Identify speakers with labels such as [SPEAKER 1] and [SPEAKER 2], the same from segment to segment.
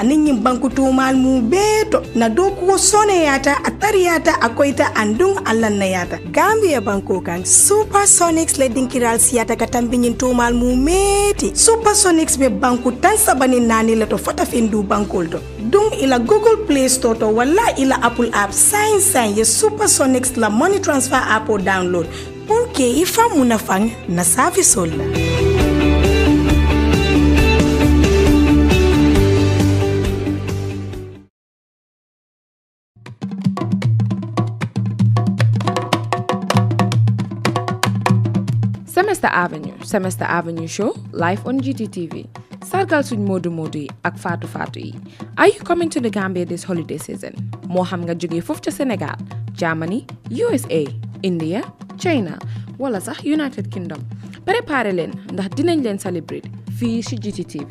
[SPEAKER 1] anin bankutumal mum bee to na dow kuwo soneyata a tariyata a koyta andun allannayata gambia banko kan supersonics le dinkiral siyata ka tambinin tumal mum meeti supersonics be banku tan sabani naani le to fota fendu bankol to dun ila google play store to walla ila apple app sain sain ye supersonics la money transfer app o download pour que i fa munafan na safisol la Semester Avenue Semester Avenue show live on GTTV sargal suñ moodu moodu yi ak faatu faatu yi ay you coming to the Gambia this holiday season moo xam nga jógee foofu ca Sénégal Germany USA India China wala sax United Kingdom préparé leen ndax dinañ leen celebrate fii ci GTTV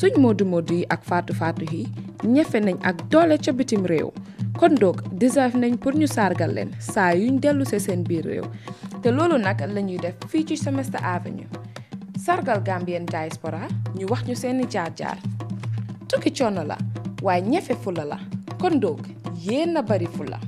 [SPEAKER 1] suñ moodu moodu yi ak faatu faatu yi ñefe nañ ak doole ca bitim réew kon doog deserve nañ pour ñu sargal leen saa yuñ dellu see seen biir réew te loolu nag lañuy def fii ci Semester Avenue sargal Gambien diaspora ñu wax ñu seeni jaar-jaar tukki coono la waaye ñefe fula la kon doog yéen bari fula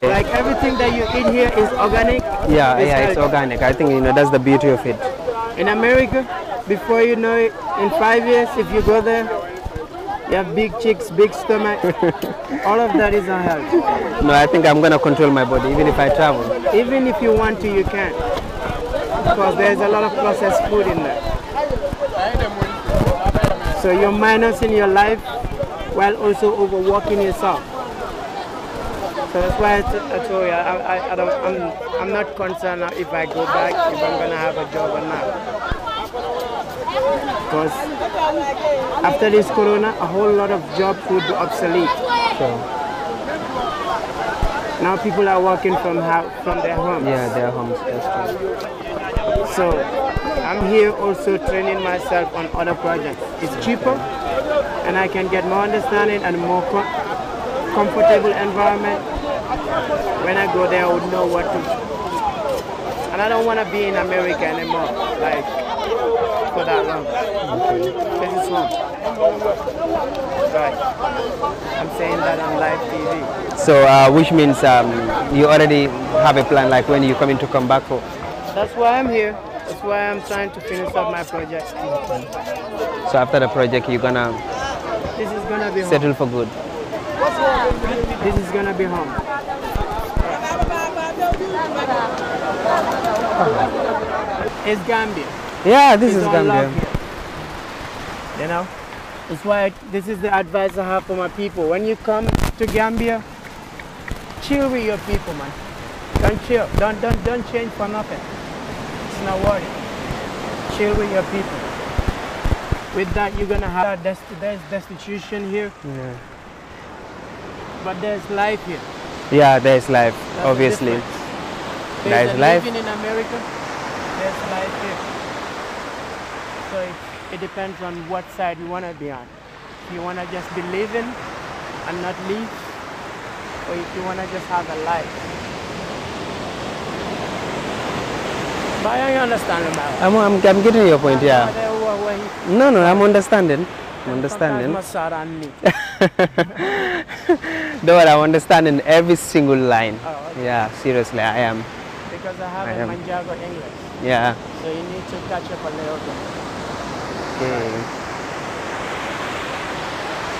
[SPEAKER 2] Like
[SPEAKER 3] everything that you eat here is organic?
[SPEAKER 4] Yeah, it's yeah, it's
[SPEAKER 2] organic. I think, you know, that's the beauty of it.
[SPEAKER 3] In America,
[SPEAKER 4] before you know it, in five years, if you go there, you have big cheeks, big stomach. All of that is unhealthy.
[SPEAKER 2] No, I think I'm going to control my body, even if I travel.
[SPEAKER 4] Even if you want to, you can. Because there's a lot of processed food in there. So you're minus in your life while also overworking yourself. So that's why I, told you, I, I, I don't, I'm, I'm not concerned if I go back, if I'm going to have a job or not.
[SPEAKER 3] Because after this corona,
[SPEAKER 4] a whole lot of jobs would be obsolete. So Now people are working from from their homes. Yeah, their homes.
[SPEAKER 2] true.
[SPEAKER 4] So I'm here also training myself on other projects. It's cheaper, and I can get more understanding and more comfortable environment when I go there, I would know what to do. And I don't want to be in America anymore, like, for that long. Okay. This is home. Right. I'm saying that on live TV.
[SPEAKER 2] So, uh, which means um, you already have a plan, like when you coming to come back for?
[SPEAKER 4] That's why I'm here. That's why I'm trying to finish up my project.
[SPEAKER 2] So after the project, you're gonna
[SPEAKER 4] this is gonna be settle home. for good. This is gonna be home. It's Gambia.
[SPEAKER 1] Yeah, this it's is Gambia.
[SPEAKER 4] You know? That's why this is the advice I have for my people. When you come to Gambia, chill with your people, man. Don't chill. Don't don't don't change for nothing. It's not worth it. Chill with your people. With that, you're gonna have dest- there's destitution here. Yeah. But there's life here.
[SPEAKER 2] Yeah, there's life, That's obviously. The there's, there's life.
[SPEAKER 4] Living in America, there's life here. So it, it depends on what side you want to be on. If you want to just be living and not live, or if you want to just have a life. But I understand about
[SPEAKER 2] I'm, I'm, I'm getting your point, yeah. No, no, I'm understanding. I'm understanding. Don't I understand in every single line. Oh, okay. Yeah, seriously, I am. Because I have a Manjago English. Yeah.
[SPEAKER 4] So you need to catch up a little bit. Okay.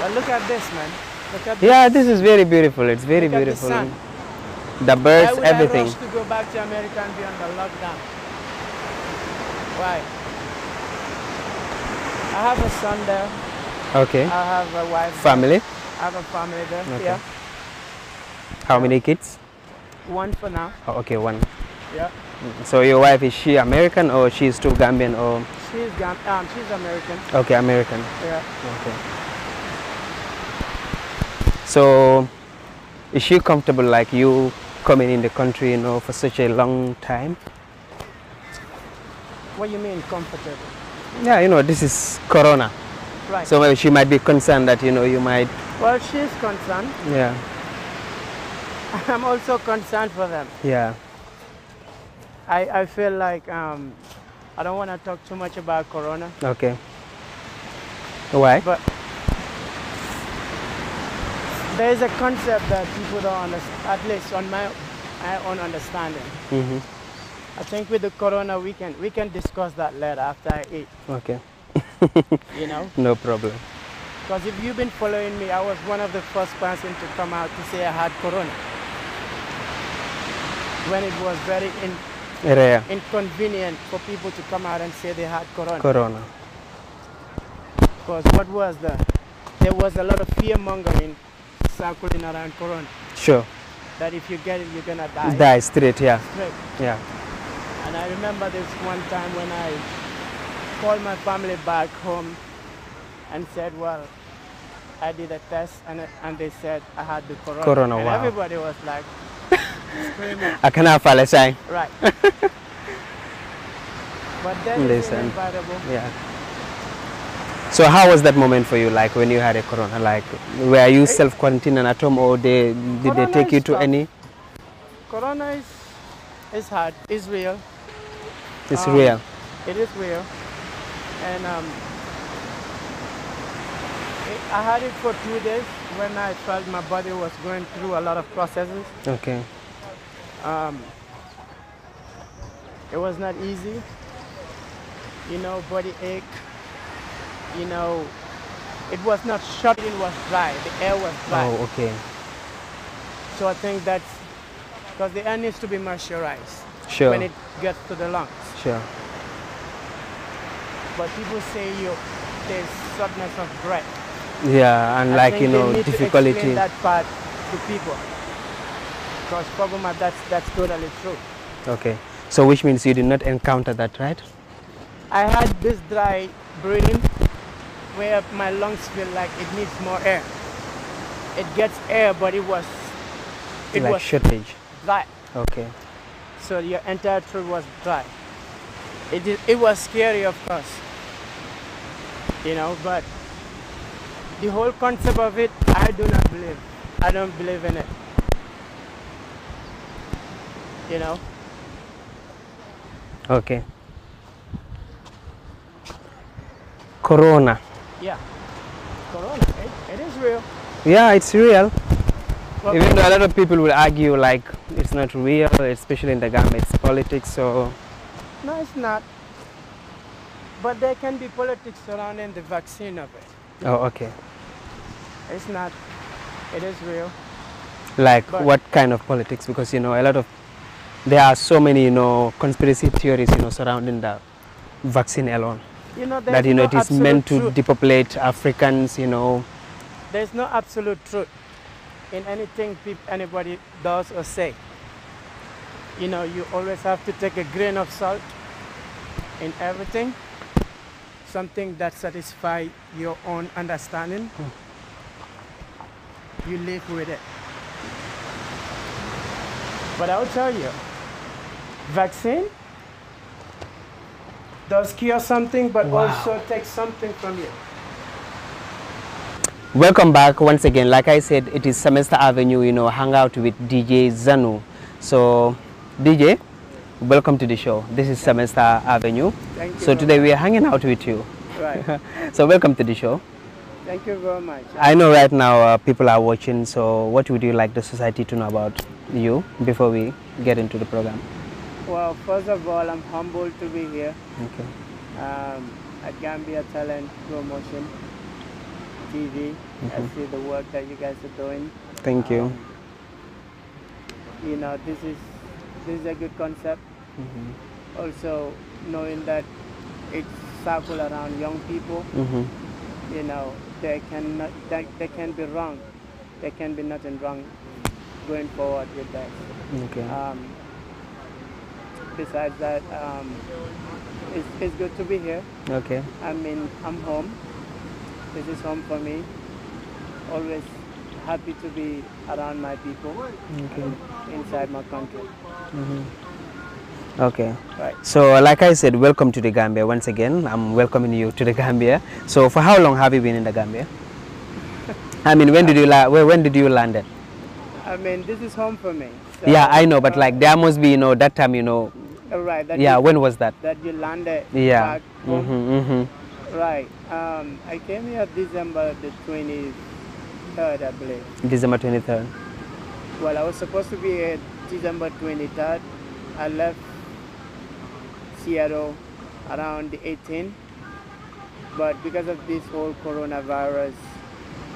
[SPEAKER 4] But look at this, man. Look at this. Yeah, this is
[SPEAKER 2] very beautiful. It's very look beautiful. the, sun. the birds, Why would everything. I rush
[SPEAKER 4] to go back to America and be under lockdown? Why? I have a son there. Okay. I have a wife. Family? I have a family there, okay. yeah.
[SPEAKER 2] How many kids?
[SPEAKER 4] One for now.
[SPEAKER 2] Oh, okay, one. Yeah. So your wife, is she American or she's too Gambian or?
[SPEAKER 4] She's, um, she's American.
[SPEAKER 2] Okay, American. Yeah. Okay. So is she comfortable like you coming in the country, you know, for such a long time?
[SPEAKER 4] What do you mean comfortable?
[SPEAKER 2] Yeah, you know, this is Corona. Right. So she might be concerned that, you know, you might...
[SPEAKER 4] Well, she's concerned. Yeah. I'm also concerned for them. Yeah. I, I feel like um, I don't want to talk too much about Corona.
[SPEAKER 2] Okay. Why? But
[SPEAKER 4] there is a concept that people don't understand, at least on my, my own understanding. Mm -hmm. I think with the Corona, we can, we can discuss that later after I eat.
[SPEAKER 2] Okay you know? No problem.
[SPEAKER 4] Because if you've been following me, I was one of the first person to come out to say I had corona. When it was very in Rare. inconvenient for people to come out and say they had corona. Corona. Because what was the, there was a lot of fear mongering circling around corona. Sure. That if you get it, you're gonna die. Die straight, yeah. Straight. Yeah. And I remember this one time when I called my family back home and said, well, I did a test and, and they said I had the corona. Corona, and wow. Everybody was like screaming. I cannot fall aside. Right. but then Listen. Yeah.
[SPEAKER 2] So how was that moment for you, like when you had a corona? Like, were you eh? self-quarantining at home or they, did corona they take you to tough. any?
[SPEAKER 4] Corona is, is hard, it's real. It's um, real? It is real and um, I had it for two days when I felt my body was going through a lot of processes. Okay. Um, it was not easy. You know, body ache. You know, it was not short, it was dry. The air was dry. Oh, okay. So I think that's because the air needs to be moisturized sure. when it gets to the lungs. Sure but people say you there's shortness of breath.
[SPEAKER 2] Yeah, and I like you know difficulty. that
[SPEAKER 4] part to people because Pogoma, that's that's totally true.
[SPEAKER 2] Okay, so which means you did not encounter that, right?
[SPEAKER 4] I had this dry breathing where my lungs feel like it needs more air. It gets air, but it was it like was shortage. Dry. Okay. So your entire throat was dry. It, it was scary, of course you know but the whole concept of it i do not believe i don't believe in it you know
[SPEAKER 2] okay corona yeah corona it, it is real yeah it's real well, even though a lot of people will argue like it's not real especially in the government it's politics so
[SPEAKER 4] no it's not but there can be politics surrounding the vaccine of it. Oh, okay. It's not. It is real.
[SPEAKER 2] Like but what kind of politics? Because you know a lot of there are so many you know conspiracy theories you know surrounding the vaccine alone. You know, that you know no it is meant to truth. depopulate Africans. You know.
[SPEAKER 4] There's no absolute truth in anything anybody does or say. You know, you always have to take a grain of salt in everything something that satisfies your own understanding,
[SPEAKER 3] hmm.
[SPEAKER 4] you live with it. But I'll tell you, vaccine does cure something, but wow. also takes something from you.
[SPEAKER 2] Welcome back once again. Like I said, it is Semester Avenue, you know, hang out with DJ Zanu. So, DJ, welcome to the show. This is Semester Avenue. Thank you. So today we are hanging out with you. Right. so welcome to the show.
[SPEAKER 4] Thank you very much. I know
[SPEAKER 2] right now uh, people are watching, so what would you like the society to know about you before we get into the program?
[SPEAKER 4] Well, first of all, I'm humbled to be here
[SPEAKER 2] okay.
[SPEAKER 4] um, at Gambia Talent Promotion TV. Mm -hmm. I mm-hmm. see the work that you guys are doing. Thank you. Um, you know, this is this is a good concept. Mm-hmm. Also, knowing that it's circle around young people, mm-hmm. you know, they cannot, they, they can be wrong. They can be nothing wrong going forward with that. Okay. Um, besides that, um, it's, it's good to be here. Okay. I mean, I'm home. This is home for me. Always happy to be around my people okay. inside my country.
[SPEAKER 3] Mm-hmm.
[SPEAKER 2] Okay. Right. So, like I said, welcome to the Gambia once again. I'm welcoming you to the Gambia. So, for how long have you been in the Gambia? I mean, when did you la when did you land it?
[SPEAKER 4] I mean, this is home for me. So, yeah, I know, but
[SPEAKER 2] like there must be, you know, that time, you know.
[SPEAKER 4] Oh, right. yeah. You, when was that? That you landed.
[SPEAKER 2] Yeah. Mm -hmm, mm -hmm.
[SPEAKER 4] Right. Um, I came here December the twenty third, I believe.
[SPEAKER 2] December twenty third.
[SPEAKER 4] Well, I was supposed to be here December twenty third. I left Seattle around 18. But because of this whole coronavirus,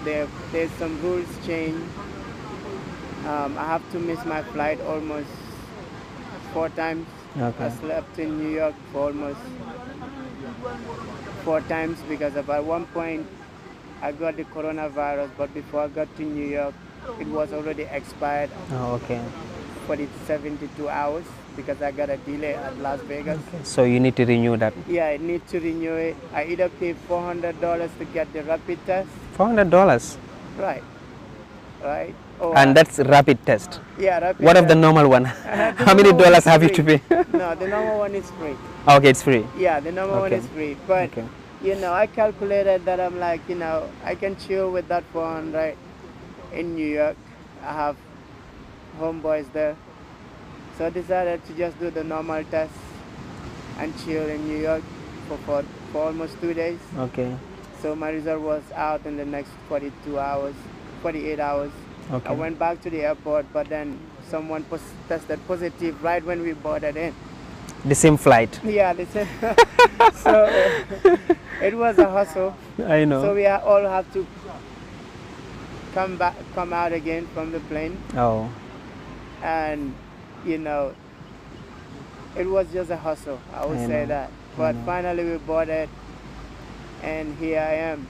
[SPEAKER 4] there, there's some rules change. Um, I have to miss my flight almost four times. Okay. I slept in New York for almost four times because of, at one point I got the coronavirus, but before I got to New York, it was already expired. Oh, okay but it's 72 hours because I got a delay at Las Vegas. Okay.
[SPEAKER 2] So you need to renew that?
[SPEAKER 4] Yeah, I need to renew it. I either pay $400 to get the rapid test.
[SPEAKER 2] $400?
[SPEAKER 4] Right. Right. Or and that's rapid
[SPEAKER 2] test? Yeah, rapid What test. of the normal one? the How many dollars have you to pay? no, the
[SPEAKER 4] normal one is free.
[SPEAKER 2] Okay, it's free? Yeah, the normal okay. one is free. But, okay.
[SPEAKER 4] you know, I calculated that I'm like, you know, I can chill with that one, right? In New York, I have homeboys there. So I decided to just do the normal test and chill in New York for, for, for almost two days. Okay. So my result was out in the next 42 hours, 48 hours. Okay. I went back to the airport, but then someone pos tested positive right when we boarded in.
[SPEAKER 2] The same flight.
[SPEAKER 4] Yeah, the same. so uh, it was a hustle.
[SPEAKER 2] I know. So we
[SPEAKER 4] all have to come back, come out again from the plane. Oh and you know it was just a hustle i would I say that but finally we bought it and here i am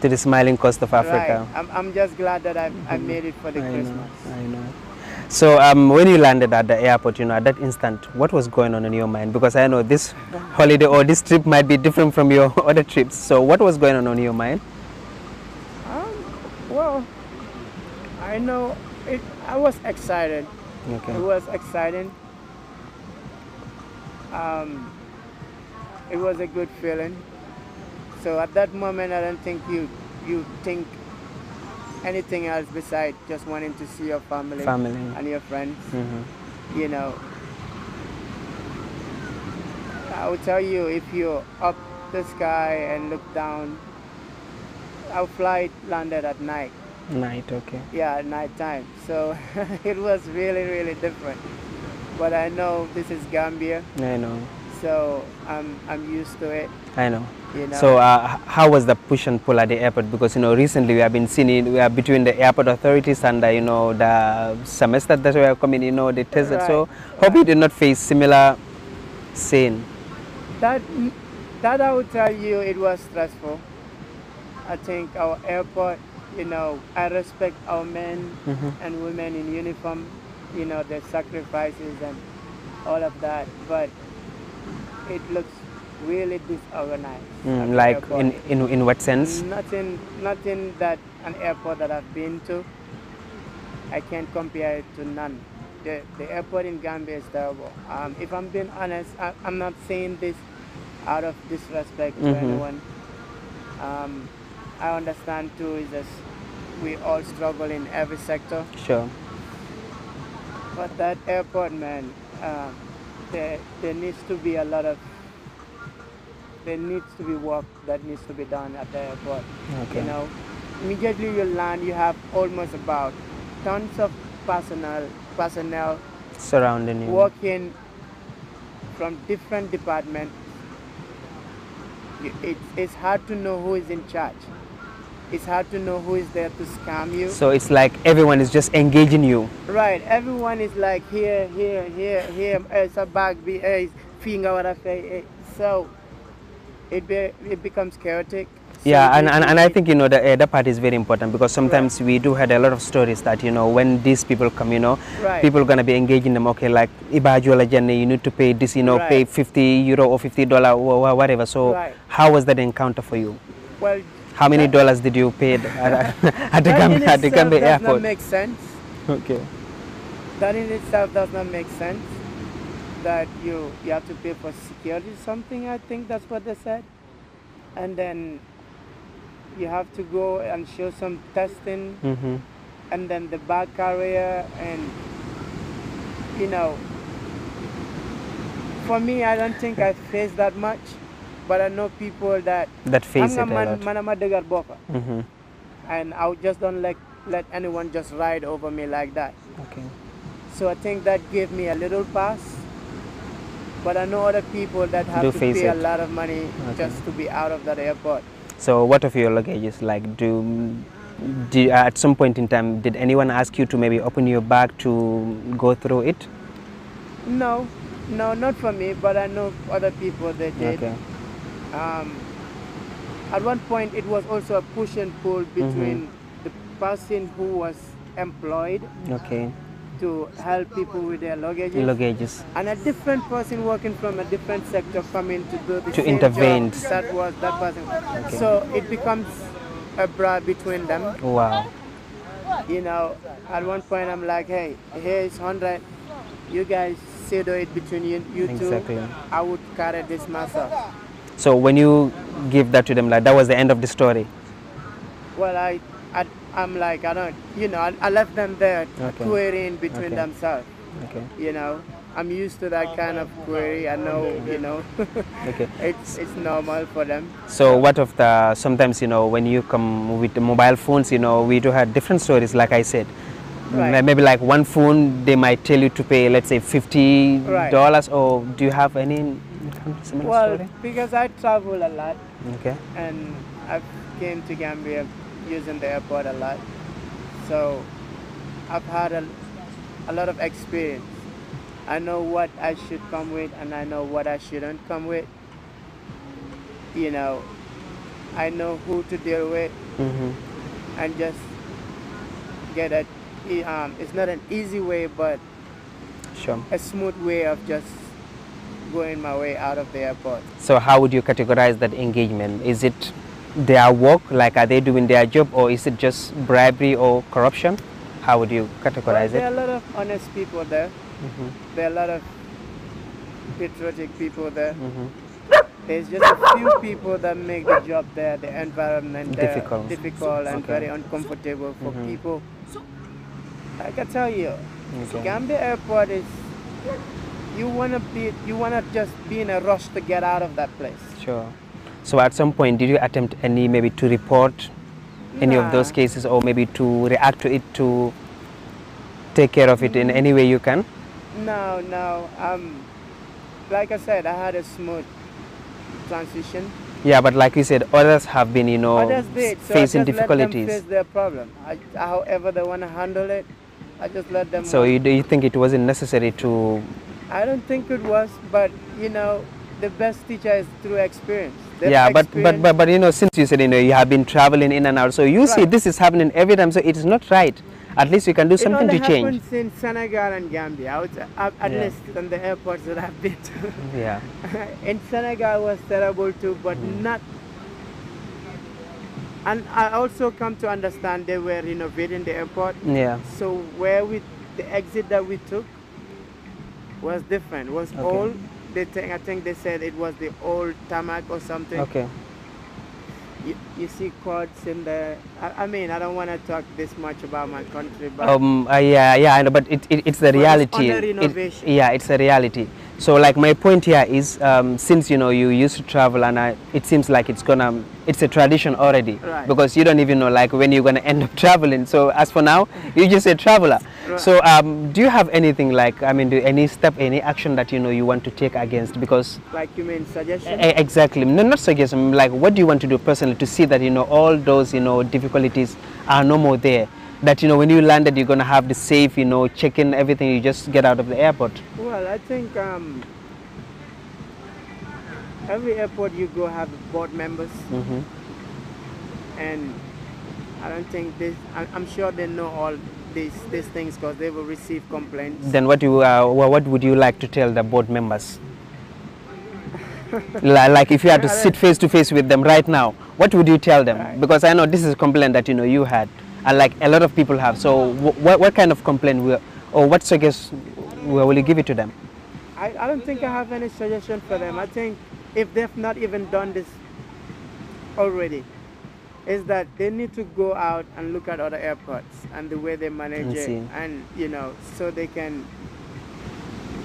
[SPEAKER 2] to the smiling coast of africa right.
[SPEAKER 4] I'm, I'm just glad that I, I
[SPEAKER 2] mm-hmm. made it for the I christmas know, i know so um, when you landed at the airport, you know, at that instant, what was going on in your mind? Because I know this holiday or this trip might be different from your other trips. So what was going on in your mind?
[SPEAKER 3] Um, well,
[SPEAKER 4] I know it, I was excited. Okay. It was exciting. Um, it was a good feeling. So at that moment, I don't think you you think anything else besides just wanting to see your family, family. and your friends.
[SPEAKER 3] Mm-hmm.
[SPEAKER 4] You know, I will tell you if you're up the sky and look down, our flight landed at night.
[SPEAKER 2] Night, okay.
[SPEAKER 4] Yeah, night time. So it was really, really different. But I know this is Gambia. I know. So I'm, I'm used to it.
[SPEAKER 2] I know. You know? So uh, how was the push and pull at the airport? Because you know recently we have been seeing it. We are between the airport authorities and the, you know the semester that we are coming. You know the test. Right. So hope you did not face similar scene.
[SPEAKER 4] That that I would tell you, it was stressful. I think our airport you know, I respect our men mm-hmm. and women in uniform, you know, their sacrifices and all of that, but it looks really disorganized. Mm, like in, in, in what sense? Nothing, nothing that an airport that I've been to, I can't compare it to none. The, the airport in Gambia is terrible. Um, if I'm being honest, I, am not saying this out of disrespect mm-hmm. to anyone. Um, I understand too is a we all struggle in every sector. Sure. But that airport, man, uh, there, there needs to be a lot of, there needs to be work that needs to be done at the airport. Okay. You know, immediately you land, you have almost about tons of personnel, personnel
[SPEAKER 2] surrounding you,
[SPEAKER 4] working from different departments. It, it's hard to know who is in charge it's hard to know who is there to scam you. So it's
[SPEAKER 2] like everyone is just engaging you.
[SPEAKER 4] Right, everyone is like here, here, here, here, it's a bag, be eh, finger, whatever. Eh. So it be, it
[SPEAKER 3] becomes chaotic.
[SPEAKER 2] So yeah, and, and, and I think, you know, the, uh, part is very important because sometimes right. we do had a lot of stories that, you know, when these people come, you know, right. people are going to be engaging them, okay, like, Ibajualajane, you need to pay this, you know, right. pay 50 euro or $50 or whatever. So how was that encounter for you? Well, how many dollars did you pay at, the Gambia airport? That makes sense. Okay.
[SPEAKER 4] That in itself does not make sense. That you, you have to pay for security something, I think that's what they said. And then you have to go and show some testing. Mm -hmm. And then the back carrier and, you know, for me, I don't think I faced that much but I know people that that face I'm it man, a lot. Man, boka, mm-hmm. and I just don't like let anyone just ride over me like that. Okay. So I think that gave me a little pass, but I know other people that have Do to pay it. a lot of money okay. just to be out of that airport.
[SPEAKER 2] So what of your luggage is like? Do uh, at some point in time, did anyone ask you to maybe open your bag to go through it?
[SPEAKER 4] No, no, not for me, but I know other people that did. Okay. Um, at one point, it was also a push and pull mm-hmm. between mm-hmm. the person who was employed. Okay. To help people with their luggages. Luggages. And a different person working from a different sector coming to do the to intervene. Job that was that person. Okay. So it becomes a bra between them. Wow. You know, at one point I'm like, hey, here's hundred. You guys settle it between you, you exactly. two. I would carry this myself.
[SPEAKER 2] So when you give that to them, like that was the end of the story.
[SPEAKER 4] Well, I, I I'm like I don't, you know, I, I left them there okay. querying between okay. themselves. Okay. You know, I'm used to that kind of query. I know, you know, okay. it's, it's normal for them.
[SPEAKER 2] So what of the, sometimes, you know, when you come with mobile phones, you know, we do have different stories, like I said. Right. Maybe like one phone, they might tell you to pay, let's say $50 right. or do you have any similar well, story?
[SPEAKER 4] because I travel a lot. Okay. And I came to Gambia using the airport a lot. So I've had a, a lot of experience. I know what I should come with and I know what I shouldn't come with. You know, I know who to deal with
[SPEAKER 3] mm-hmm.
[SPEAKER 4] and just get a, um, it's not an easy way, but sure. a smooth way of just going my way out of the airport.
[SPEAKER 2] So how would you categorize that engagement? Is it their work, like are they doing their job, or is it just bribery or corruption? How would you categorize well, there it? There are
[SPEAKER 4] a lot of honest people there. Mm -hmm. There are a lot of patriotic people there. Mm -hmm. There's just a few people that make the job there, the environment there, difficult, difficult and okay. very uncomfortable for mm -hmm. people. I can tell you, okay. Gambia Airport is you wanna be you wanna just be in a rush to get out of that place.
[SPEAKER 2] Sure. So at some point, did you attempt any maybe to report any nah. of those cases, or maybe to react to it to take care of it in mm. any way you can?
[SPEAKER 4] No, no. Um, like I said, I had a smooth transition.
[SPEAKER 2] Yeah, but like you said, others have been, you know, did, so facing difficulties. Let them face
[SPEAKER 4] their problem. I, however they want to handle it, I just let them. So
[SPEAKER 2] you, do you think it wasn't necessary to
[SPEAKER 4] I don't think it was, but you know, the best teacher is through experience. yeah, but, but but
[SPEAKER 2] but you know, since you said you know you have been traveling in and out, so you right. see this is happening every time, so it is not right. At least you can do something to change. It
[SPEAKER 4] in Senegal and Gambia. Was, uh, at yeah. least on the airports that I've been to. yeah. in Senegal was terrible too, but mm. not. And I also come to understand they were renovating the airport. Yeah. So where we, the exit that we took, was different. Was okay. old. They think I think they said it was the old tarmac or something. Okay. You, you see quads in the. I, I mean, I don't want to talk this much about my country, but um,
[SPEAKER 2] uh, yeah, yeah, I know, but it, it it's the reality. It's under renovation. It, yeah, it's a reality. So like my point here is, um, since you know you used to travel and I, it seems like it's gonna, it's a tradition already right. because you don't even know like when you're gonna end up traveling. So as for now, you're just a traveler. Right. So um, do you have anything like, I mean, do any step, any action that you know you want to take against because?
[SPEAKER 3] Like you mean suggestion?
[SPEAKER 2] exactly, no, not suggestion, like what do you want to do personally to see that you know all those you know difficulties are no more there? that you know when you landed you're going to have the safe you know check in everything you just get out of the airport
[SPEAKER 3] well i think
[SPEAKER 4] um, every airport you go have board members mm
[SPEAKER 2] -hmm.
[SPEAKER 4] and i don't think this I, am sure they know all these these things because they will receive complaints
[SPEAKER 2] then what you uh, well, what would you like to tell the board members
[SPEAKER 4] like if you had to sit face
[SPEAKER 2] to face with them right now what would you tell them right. because i know this is a complaint that you know you had and like a lot of people have. So what, what kind of complaint will, or what suggest will you give it to them?
[SPEAKER 4] I, I don't think I have any suggestion for them. I think if they've not even done this already, is that they need to go out and look at other airports and the way they manage it and you know so they can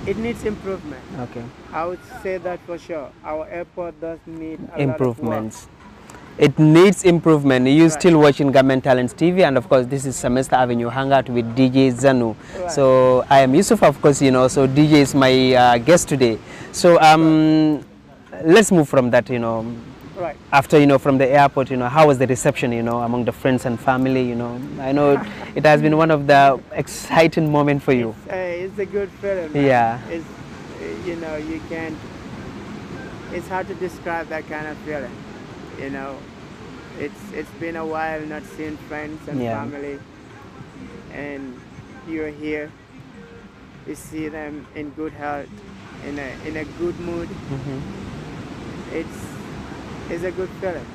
[SPEAKER 4] it needs improvement okay i would say that for sure our airport does need improvements
[SPEAKER 2] it needs improvement. You're right. still watching Government Talents TV, and of course, this is Semester Avenue Hangout with DJ Zanu. Right. So I am Yusuf, of course, you know, so DJ is my uh, guest today. So um, right. let's move from that, you know. Right. After, you know, from the airport, you know, how was the reception, you know, among the friends and family, you know? I know it, has been one of the exciting moments for you.
[SPEAKER 4] It's, uh, it's a good film. Man. Yeah. It's, you know, you can't, it's hard to describe that kind of feeling, you know? it's it's been a while not seeing friends and yeah. family and you're here you see them in good health in a in a good mood mm-hmm. it's it's a good feeling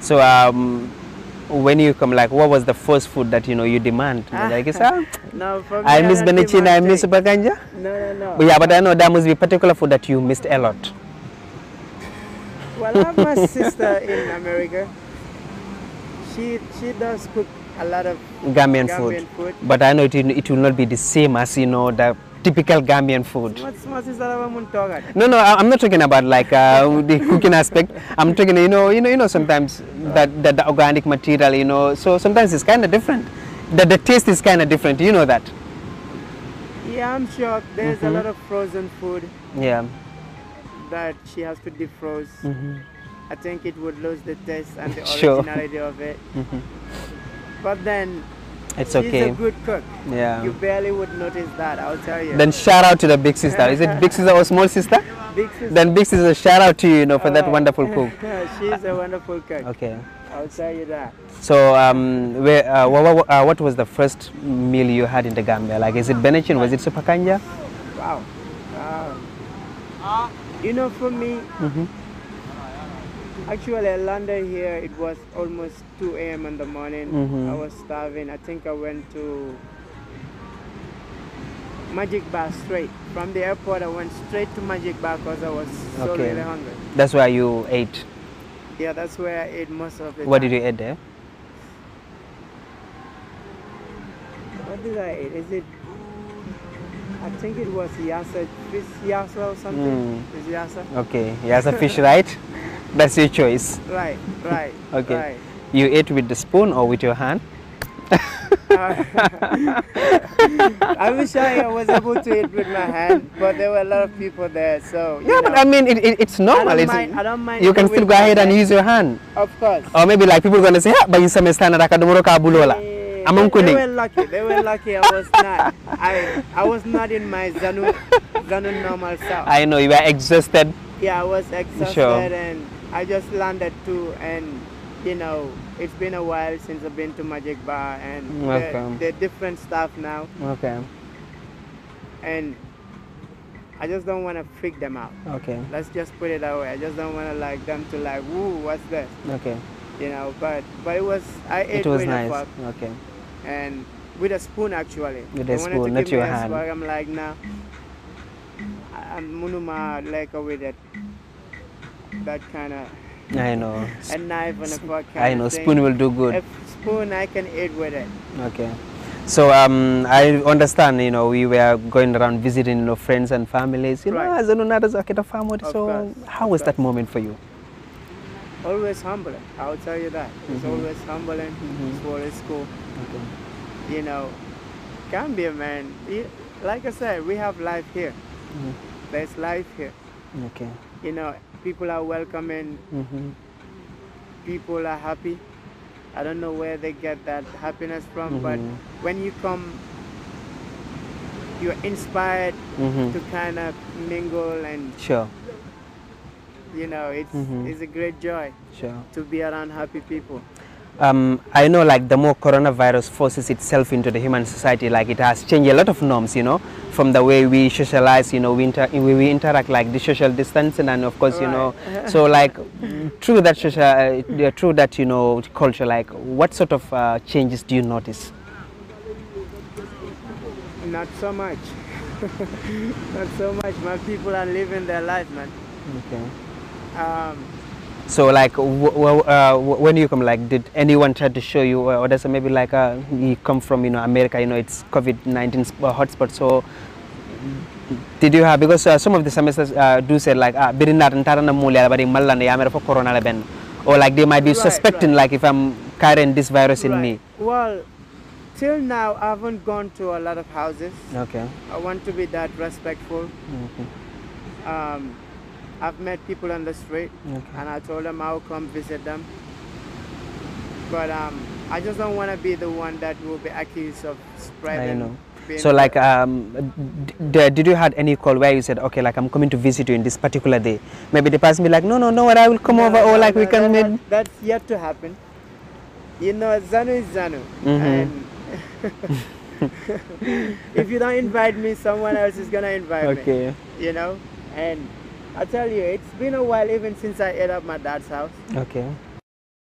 [SPEAKER 2] so um when you come like what was the first food that you know you demand like it's ah,
[SPEAKER 3] no for
[SPEAKER 4] me, i miss benichina i
[SPEAKER 2] miss bakanja
[SPEAKER 3] no no
[SPEAKER 4] no but yeah but i know there
[SPEAKER 2] must be particular food that you missed a lot
[SPEAKER 4] well i have my sister in america she she does cook a lot of Gambian, Gambian food. food.
[SPEAKER 2] But I know it, it will not be the same as you know the typical Gambian food. No, no, I'm not talking about like uh, the cooking aspect. I'm talking, you know, you know, you know, sometimes that, that the organic material, you know, so sometimes it's kind of different. The, the taste is kind of different. You know that.
[SPEAKER 4] Yeah, I'm sure there's mm -hmm. a mm-hmm. lot of frozen food. Yeah. That she has to defrost. Mm -hmm. I think it would lose the taste and the sure. originality of it. Mm-hmm. But then it's she's okay. a
[SPEAKER 3] good cook. Yeah. You barely would notice that, I'll tell you.
[SPEAKER 4] Then shout out to the big sister. Is it big sister
[SPEAKER 2] or small sister? Big sister. Then big sister, shout out to you, you know, for oh. that wonderful cook. she's a wonderful cook. Okay. I'll tell you that. So, um, where, uh, what, uh, what, was the first meal you had in the Gambia? Like, is it Benachin? Was it Supakanja?
[SPEAKER 4] Wow. Ah, You know, for me, mm-hmm Actually, I landed here. It was almost 2 a.m. in the morning. Mm-hmm. I was starving. I think I went to Magic Bar straight from the airport. I went straight to Magic Bar because I was so okay. really hungry.
[SPEAKER 2] That's where you ate.
[SPEAKER 4] Yeah, that's where I ate most of it. What time. did you eat there? What did I eat? Is it? I think it was yasa fish, yasa or something. Mm. Is yasa? Okay,
[SPEAKER 2] yasa fish, right? That's your choice.
[SPEAKER 4] Right, right. okay. Right.
[SPEAKER 2] You ate with the spoon or with your hand? I wish I was able to eat with my hand,
[SPEAKER 4] but there were a lot of people
[SPEAKER 3] there, so
[SPEAKER 4] yeah. Know. But I mean, it, it, it's normal. I don't, it's, mind, I don't mind. You can still go ahead hand.
[SPEAKER 2] and use your hand. Of course. Or maybe like people are gonna say, "Ah, but you some stand rakadomoro kabulola." Among they, they were
[SPEAKER 3] lucky.
[SPEAKER 4] They were lucky. I was not. I I was not in my zanu zanu normal self.
[SPEAKER 2] I know you were exhausted.
[SPEAKER 4] Yeah, I was exhausted sure. and I just landed too, and you know, it's been a while since I've been to Magic Bar, and okay. they're, different stuff now. Okay. And I just don't want to freak them out. Okay. Let's just put it that way. I just don't want to like them to like, woo, what's this? Okay. You know, but but it was I ate it was nice. okay. And with a spoon actually. With a spoon, not your hand. Swag. I'm like, nah. I'm munuma like with it that kind of.
[SPEAKER 2] I know. A
[SPEAKER 4] knife and a fork. I know. Spoon will do good. A spoon, I can eat with it.
[SPEAKER 2] Okay. So um, I understand, you know, we were going around visiting, you know, friends and families. You right. know, as an Akita family. So course. how was that moment for you? Always humbling.
[SPEAKER 4] I'll tell you that. It's mm -hmm. always humbling. Mm -hmm. It's always cool. Okay. You know, a man. Like I said, we have life here. Mm -hmm. There's life here. Okay. You know, people are welcome and mm-hmm. people are happy. I don't know where they get that happiness from, mm-hmm. but when you come, you're inspired mm-hmm. to kind of mingle and sure. You know, it's mm-hmm. it's a great joy sure. to
[SPEAKER 3] be around happy people.
[SPEAKER 2] Um, I know like the more coronavirus forces itself into the human society, like it has changed a lot of norms, you know, from the way we socialize, you know, we, inter we, interact like the social distancing and of course, right. you know, so like through that social, uh, through that, you know, culture, like what sort of uh, changes do you notice?
[SPEAKER 4] Not so much. Not so much, My People are living their life, man.
[SPEAKER 2] Okay. Um, so like uh, when you come, like did anyone try to show you, uh, or does maybe like uh, you come from you know America, you know it's COVID-19 uh, hotspot, so did you have because uh, some of the semesters uh, do say like ah birinat ntarana mulya bari mallana yamera for corona ben or like they might be right, suspecting right. like if I'm carrying this virus right. in me.
[SPEAKER 4] Well, till now I haven't gone to a lot of houses. Okay. I want to be that respectful. Okay. Mm-hmm. Um, I've met people on the street okay. and I told them I'll come visit them. But um, I just don't want to be the one that will be accused of
[SPEAKER 2] spreading. I know. So like, um, did you had any call where you said, okay, like I'm coming to visit you in this particular day? Maybe the person be like, no, no, no, and I will come no, over, no, or like no, we can. meet. that's
[SPEAKER 4] yet to happen. You know, Zanu is Zanu, mm -hmm. and if you don't invite me, someone else is gonna invite okay. me. Okay. You know, and I tell you, it's been a while even since I ate at my dad's house. Okay.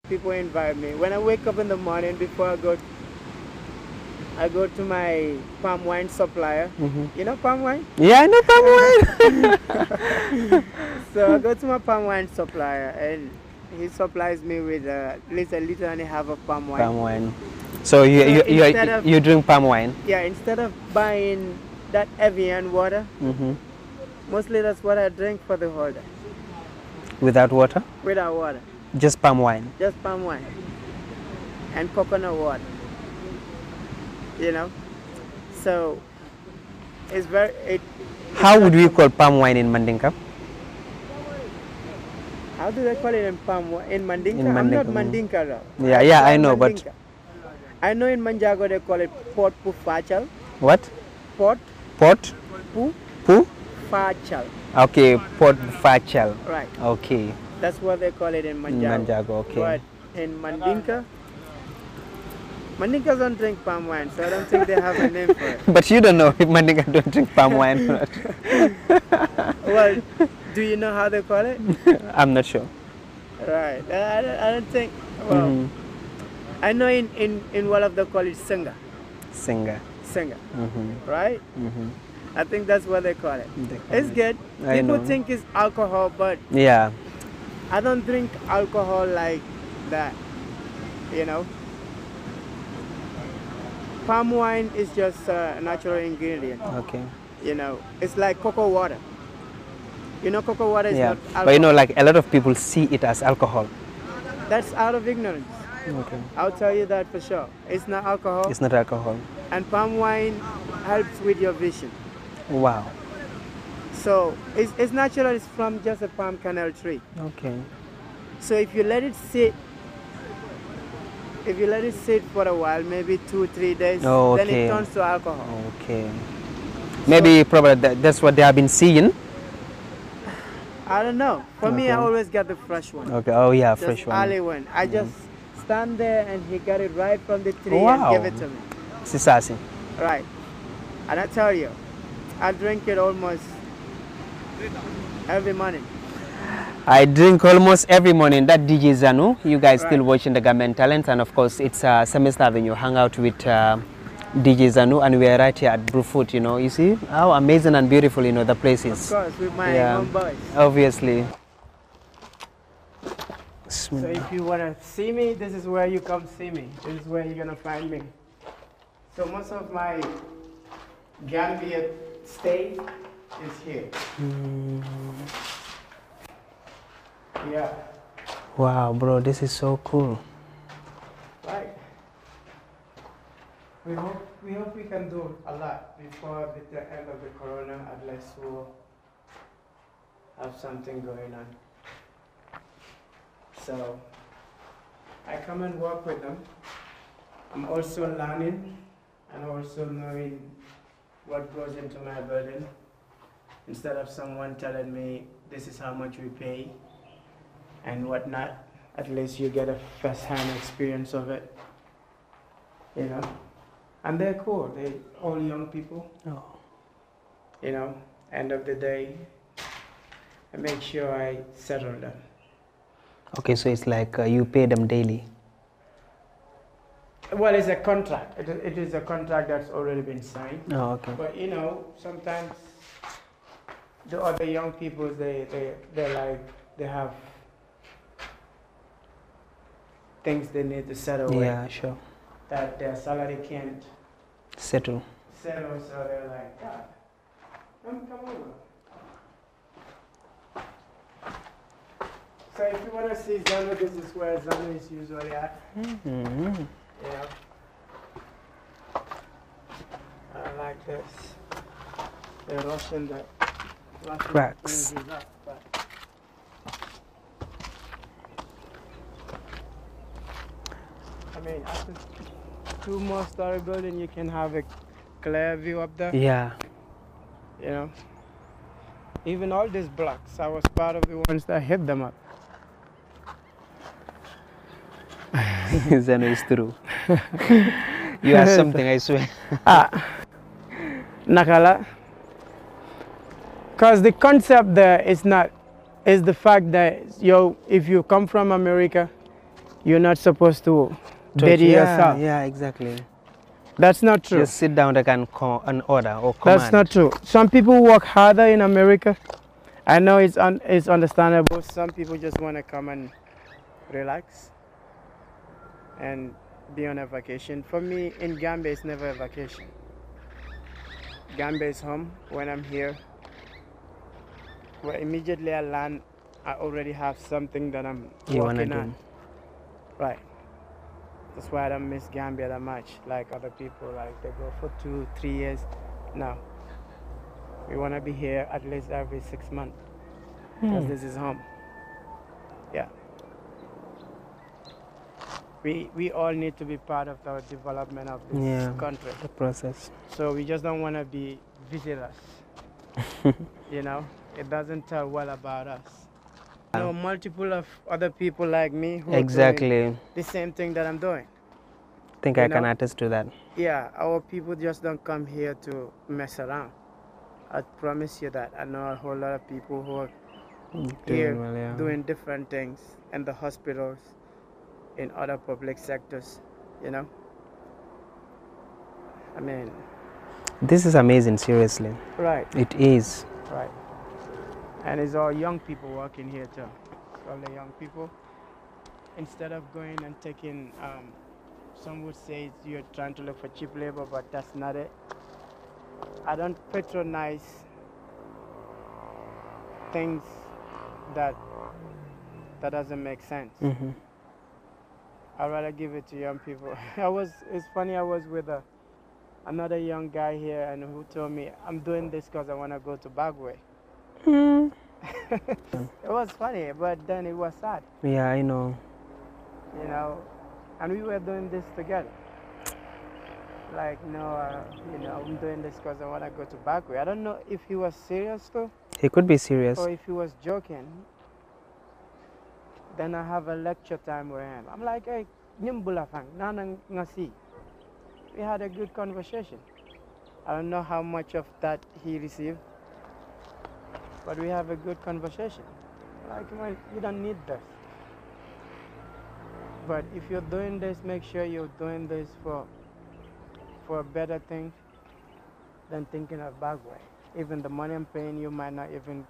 [SPEAKER 4] People invite me. When I wake up in the morning before I go, I go to my palm wine supplier. Mm -hmm. You know palm wine? Yeah, I know palm wine. so I go to my palm wine supplier and he supplies me with uh, at least a liter and a half of palm wine. Palm
[SPEAKER 2] wine. So you you, you, you drink palm wine?
[SPEAKER 4] Yeah, instead of buying that Evian water, mm -hmm Mostly that's what I drink for the whole day.
[SPEAKER 2] Without water? Without water. Just palm wine?
[SPEAKER 4] Just palm wine. And coconut water. You know? So, it's very... It,
[SPEAKER 2] it's How would we call palm wine in Mandinka?
[SPEAKER 4] How do they call it in palm In Mandinka? In Mandinka. I'm not Mandinka though. Yeah, yeah, I know, Mandinka. but... I know in Manjago they call it pot pufachal. What? Pot. Pot. Pu. Pu. Fachal.
[SPEAKER 2] Okay, Port Fachal. Right. Okay.
[SPEAKER 4] That's what they call it in Manjago. Manjago, okay. But in Mandinka, Mandinkas don't drink palm wine, so I don't think they have a name for it.
[SPEAKER 2] But you don't know if Mandinka don't drink palm wine or not.
[SPEAKER 4] well, do you know how they call it? I'm not sure. Right. I don't, I don't think, well, mm -hmm. I know in, in, in one of the college, Senga. Senga. Senga. Mm -hmm. Right? Mm -hmm. I think that's what they call it. They call it's good. I People know. think it's alcohol, but yeah, I don't drink alcohol like that. You know, palm wine is just a natural ingredient. Okay. You know, it's like cocoa water. You know, cocoa water is yeah. not alcohol. But you know, like a
[SPEAKER 2] lot of people see it as alcohol.
[SPEAKER 4] That's out of ignorance. Okay. I'll tell you that for sure. It's not alcohol. It's not alcohol. And palm wine helps with your vision. Wow. So it's, it's natural, it's from just a palm kernel tree. Okay. So if you let it sit, if you let it sit for a while, maybe two, three days, oh, okay. then it turns to alcohol.
[SPEAKER 2] Okay. Maybe probably that, that's what they have been seeing.
[SPEAKER 4] I don't know. For okay. me, I always get the fresh one. Okay. Oh yeah, just fresh one. Early one. I mm. just stand there and he got it right from the tree wow. and give it to me. Sisasi. Right. And I tell you, I drink it almost every morning.
[SPEAKER 2] I drink almost every morning. That DJ Zanu, you guys right. still watching the Gamen Talent, and of course, it's uh, Semester Avenue. Hang out with uh, DJ Zanu, and we are right here at Brewfoot. You know, you see how amazing and beautiful you know the place is. Of course, with my yeah, own boys. Obviously. So if
[SPEAKER 4] you wanna see me, this is where you come see me. This is where you're gonna find me. So most of my Gambian state is here. Yeah.
[SPEAKER 2] Wow, bro, this is so cool.
[SPEAKER 4] Right. We hope we hope we can do a lot before the end of the corona, least we'll have something going on. So I come and work with them. I'm also learning and also knowing what goes into my building instead of someone telling me this is how much we pay and whatnot. At least you get a first-hand experience of it, you know. And they're cool. They all young people. Oh. You know, end of the day, I make sure I settle them.
[SPEAKER 2] Okay, so it's like uh, you pay them daily.
[SPEAKER 4] Well, it's a contract. It, it is a contract that's already been signed. Oh, okay. But you know, sometimes the other young people, they they they like they have things they need to settle. Yeah, with, sure. That their salary can't settle. Settle, so they're like, God, come come over. So if you want to see Zanu, this is where Zanu is usually at.
[SPEAKER 3] Mm -hmm.
[SPEAKER 4] You know? I like this. They're rushing the Russian that, Up, but. I mean, after two more story building, you can have a clear view up there. Yeah. You know? Even all these blocks, I was part of the ones that hit them up.
[SPEAKER 2] Zeno is true. you are something, I swear.
[SPEAKER 4] ah, Nakala. Because the concept there is not, is the fact that yo, if you come from America, you're not supposed to bury yeah, yourself.
[SPEAKER 2] Yeah, exactly. That's not true. Just sit down like an, an order or command. That's not
[SPEAKER 4] true. Some people work harder in America. I know it's, un it's understandable. Some people just want to come and relax and be on a vacation. For me, in Gambia, it's never a vacation. Gambia is home. When I'm here, well, immediately I land, I already have something that I'm you working on. Right. That's why I don't miss Gambia that much, like other people. Like they go for two, three years. Now We want to be here at least every six months because hmm. this is home. Yeah we we all need to be part of the development of this yeah, country. The process. So we just don't want to be visitors. you know, it doesn't tell well about us. You know, multiple of other people like me who exactly the same thing that I'm doing. I
[SPEAKER 2] think you I know? can attest to that.
[SPEAKER 4] Yeah, our people just don't come here to mess around. I promise you that. I know a whole lot of people who are doing, here well, yeah. doing different things in the hospitals in other public sectors, you know? I mean.
[SPEAKER 2] This is amazing, seriously. Right. It is.
[SPEAKER 4] Right. And it's all young people working here too. It's all the young people. Instead of going and taking, um, some would say you're trying to look for cheap labor, but that's not it. I don't patronize things that that doesn't make sense. Mm -hmm. I'd rather give it to young people. I was, it's funny, I was with a, uh, another young guy here and who told me, I'm doing this because I want to go to Bagway.
[SPEAKER 3] Mm.
[SPEAKER 4] it was funny, but then it was sad.
[SPEAKER 2] Yeah, I know.
[SPEAKER 4] You know, and we were doing this together. Like, no, uh, you know, I'm doing this because I want to go to Bagway. I don't know if he was serious though.
[SPEAKER 2] He could be serious. Or if
[SPEAKER 4] he was joking. Then I have a lecture time with him. I'm like, hey, Nimbulafang, Nanang Ngasi. We had a good conversation. I don't know how much of that he received, but we have a good conversation. Like, man, you don't need this. But if you're doing this, make sure you're doing this for for a better thing than thinking of bad way. Even the money I'm paying you might not even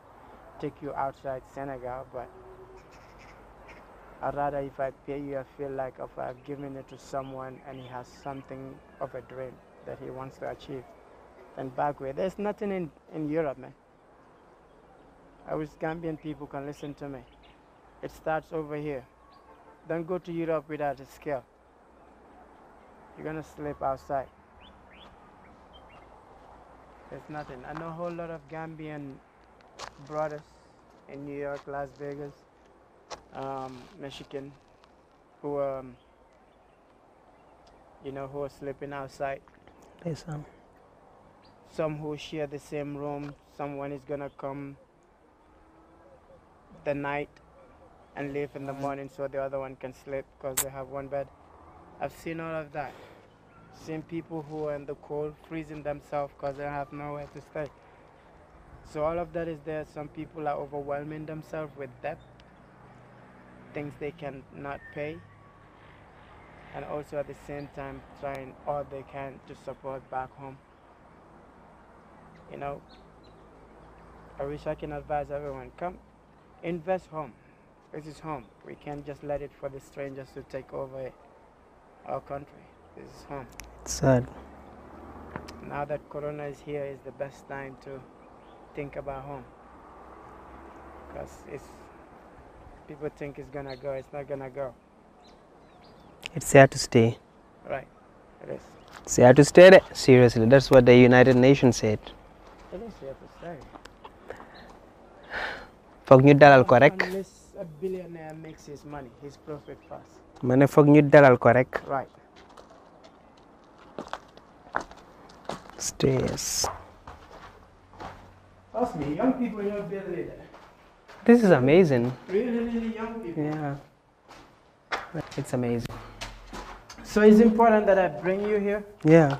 [SPEAKER 4] take you outside Senegal, but I'd rather if I pay you, I feel like if I've given it to someone and he has something of a dream that he wants to achieve then back where There's nothing in, in Europe, man. I wish Gambian people can listen to me. It starts over here. Don't go to Europe without a skill. You're gonna sleep outside. There's nothing. I know a whole lot of Gambian brothers in New York, Las Vegas, um, who um, you know who are sleeping outside. Yes, some. Some who share the same room. Someone is gonna come the night and leave in the morning so the other one can sleep because they have one bed. I've seen all of that. Seen people who are in the cold freezing themselves because they have nowhere to stay. So all of that is there. Some people are overwhelming themselves with debt things they cannot pay and also at the same time trying all they can to support back home you know i wish i can advise everyone come invest home this is home we can't just let it for the strangers to take over our country this is home sad now that corona is here is the best time to think about home because it's people think it's gonna go, it's not gonna go.
[SPEAKER 2] It's here to stay.
[SPEAKER 4] Right, it is.
[SPEAKER 2] It's here to stay, eh? seriously. That's what the United Nations said.
[SPEAKER 4] It is here to stay.
[SPEAKER 2] foog new dalal ko Unless
[SPEAKER 4] a billionaire makes his money, his profit first.
[SPEAKER 2] ma ne new ñu dalal ko right. Stays.
[SPEAKER 4] Trust me, young people, you're a bit later.
[SPEAKER 2] This is amazing.
[SPEAKER 4] Really, really young people.
[SPEAKER 2] Yeah. It's amazing.
[SPEAKER 4] So it's important that I bring you here? Yeah.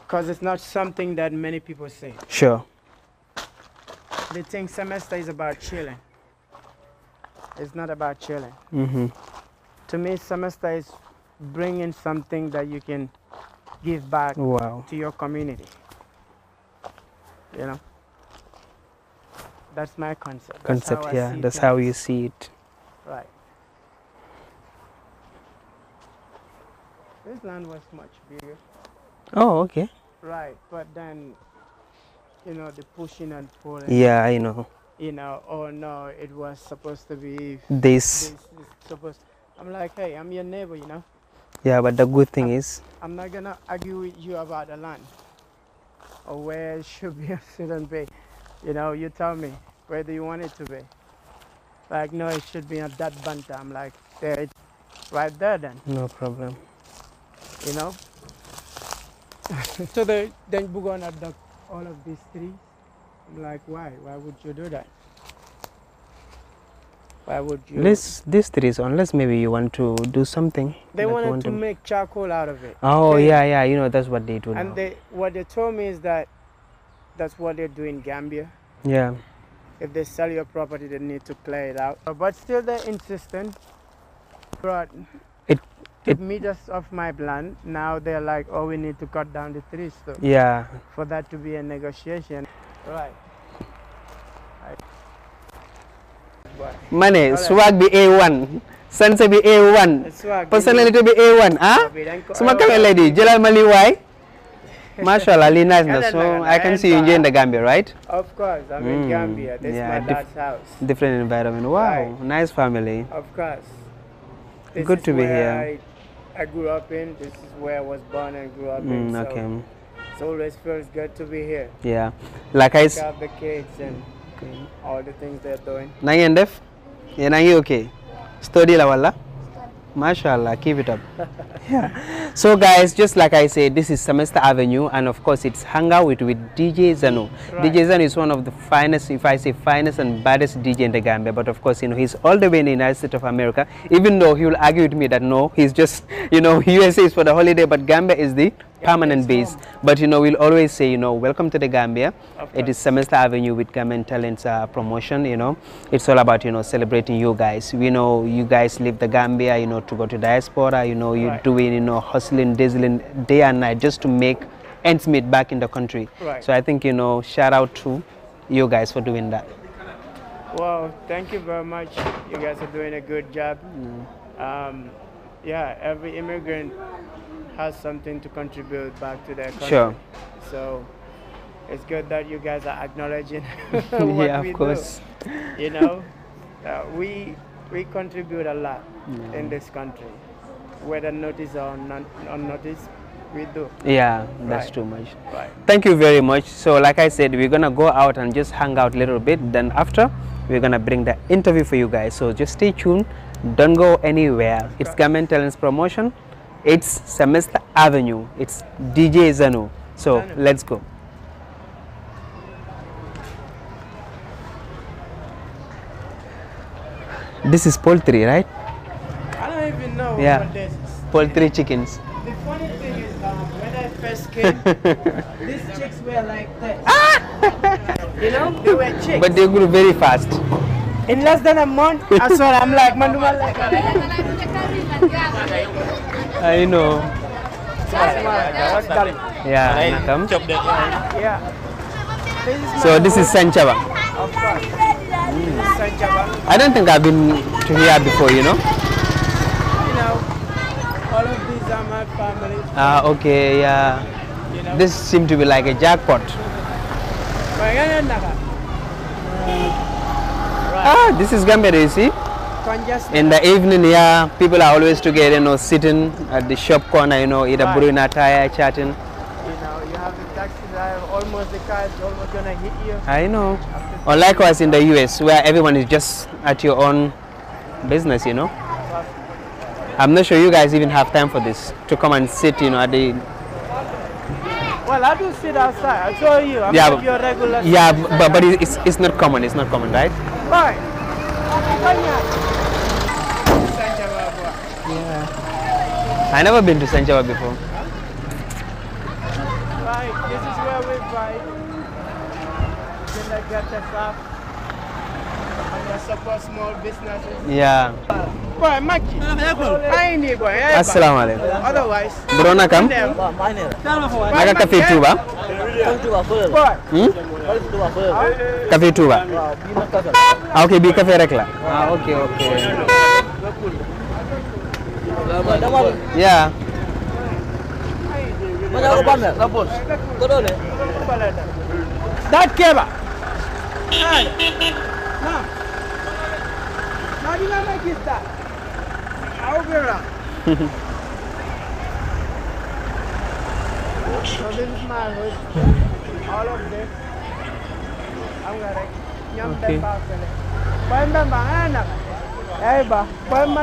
[SPEAKER 4] Because it's not something that many people say. Sure. They think semester is about chilling. It's not about chilling. Mm -hmm. To me, semester is bringing something that you can give back wow. to your community. You know? That's my concept. Concept, that's yeah. That's how you see it. Right. This land was much bigger. Oh, okay. Right, but then, you know, the pushing and pulling. Yeah, I know. You know, oh no, it was supposed to be this. this, supposed. I'm like, hey, I'm your neighbor, you know.
[SPEAKER 2] Yeah, but the good thing I'm, is.
[SPEAKER 4] I'm not gonna argue with you about the land, or where it should be a certain not be. You know, you tell me, where do you want it to be? Like, no, it should be at that banta. I'm like, there, it's right there then. No problem. You know? so they then Bugona adopt all of these trees. I'm like, why? Why would you do that? Why would you? This,
[SPEAKER 2] these trees, unless maybe you want to do something. They wanted want to, to,
[SPEAKER 4] make charcoal out of it. Oh,
[SPEAKER 2] yeah, yeah, you know, that's what they do And now. They,
[SPEAKER 4] what they told me is that that's what they do in Gambia. Yeah. If they sell your property, they need to clear it out. But still, they're insistent. But it, it meters off my plan. Now they're like, oh, we need to cut down the trees. So yeah. For that to be a negotiation. Right.
[SPEAKER 2] Money, swag be A1. Sense be A1. Personality be A1. Ah? Huh? lady. Jalal Maliwai. Mashallah, Lina is Naso. I can see you enjoying the Gambia, right? Of course, I'm mm. in hmm, Gambia. This yeah, is my dad's house. Different environment. Wow, right. nice family.
[SPEAKER 4] Of course. This Good to be here. I, I, grew up in. This is where I was born and grew up mm, in. So
[SPEAKER 2] okay.
[SPEAKER 4] always feels good to be here. Yeah. Like I said. the kids and okay. all the things they're doing.
[SPEAKER 2] Nangyendef? Yeah, nangy okay. Study la wala? Mashallah, keep it up.
[SPEAKER 3] yeah.
[SPEAKER 2] So guys, just like I said, this is Semester Avenue and of course it's Hangout with, with DJ Zanu. Right. DJ Zanu is one of the finest, if I say finest and baddest DJ in the Gambia, but of course, you know, he's all the way in the United States of America, even though he will argue with me that no, he's just, you know, USA is for the holiday, but Gambia is the permanent base. But you know, we'll always say, you know, welcome to the Gambia. It is Semester Avenue with Gambia Talent uh, Promotion. You know, it's all about you know celebrating you guys. We know you guys leave the Gambia, you know, to go to diaspora. You know, you're right. doing you know hustling, dazzling day and night just to make ends meet back in the country. Right. So I think you know, shout out to you guys for doing that.
[SPEAKER 4] Wow, thank you very much. You guys are doing a good job. Mm. Um, yeah, every immigrant has something to contribute back to their country. Sure. So it's good that you guys are acknowledging what yeah, we course. do. You know, uh, we we contribute a lot yeah. in this country, whether noticed or not noticed, We do. Yeah, that's right. too much. Right.
[SPEAKER 2] Thank you very much. So like I said, we're going to go out and just hang out a little bit. Then after, we're going to bring the interview for you guys. So just stay tuned. Don't go anywhere. It's government Talents Promotion. It's Semester Avenue. It's DJ Zeno. So let's go. This is poultry, right?
[SPEAKER 4] I don't even know yeah. what this is.
[SPEAKER 2] Poultry chickens.
[SPEAKER 4] The funny thing is, um, when I first came, these chicks were like this. Ah! you know, they were chicks. But
[SPEAKER 2] they grew very fast. In less than a month, I swear, I'm like, Manduma, like.
[SPEAKER 3] I know. Yeah, Nakam. so this is Sanchaba. Mm.
[SPEAKER 2] I don't think I've been to here before, you know. You
[SPEAKER 4] know, all of these are my family.
[SPEAKER 2] Ah, okay, yeah. You know? This seemed to be like a jackpot. Ah, this is Gambia, you see? In the evening, yeah, people are always together, you know, sitting at the shop corner, you know, either brewing a tire, chatting. You
[SPEAKER 4] know, you have the taxi have almost the car is almost gonna hit you.
[SPEAKER 2] I know. Or likewise in the US, where everyone is just at your own business, you know. I'm not sure you guys even have time for this to come and sit, you know, at the
[SPEAKER 4] well, I do sit outside. I show you. I'm yeah, like your regular. Yeah, but, but
[SPEAKER 2] it's, it's not common. It's not common, right? Right. I never been to Sanjawa before. Right,
[SPEAKER 4] this is where we buy. Then I get the stuff. And I support small businesses. Yeah. Boy, Maki. I ah, need Assalamu alaikum. Otherwise. Bro, come. kam? Naka kafe tu ba?
[SPEAKER 2] Boy. Hmm? Kafe tu ba? okay, be cafe regular. Ah, okay, okay. Yeah.
[SPEAKER 4] That keba. Hey. Nah. Nah, di mana kita? Aku berah. So this is my hood. All of this. I'm gonna nyampe okay. pasal. Pemba mana?
[SPEAKER 2] Eh, bah, pemba.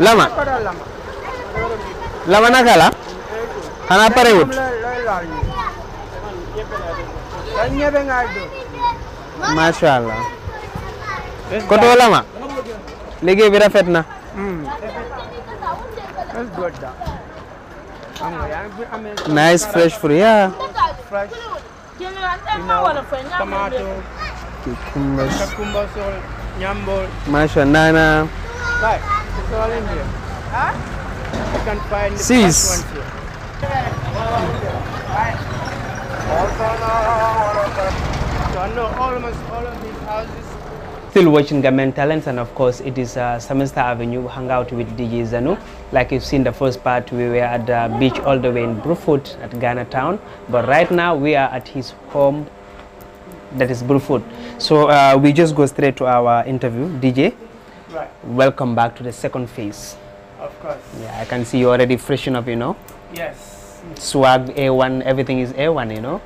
[SPEAKER 2] lama lama naka la xanaa parewut macha lama liggéey bi rafet na
[SPEAKER 4] nice fresh fruit yeah
[SPEAKER 2] cucumbers
[SPEAKER 4] It's all in here. Huh? You can find the first ones
[SPEAKER 2] Still watching Gamen Talents and of course it is uh, Semester Avenue out with DJ Zanu. Like you've seen the first part we were at the beach all the way in Bruford at Ghana town but right now we are at his home that is Bruford. So uh, we just go straight to our interview DJ. Right. Welcome back to the second phase. Of course. Yeah, I can see you already freshen up, you know. Yes. Swag A1, everything is A1, you know.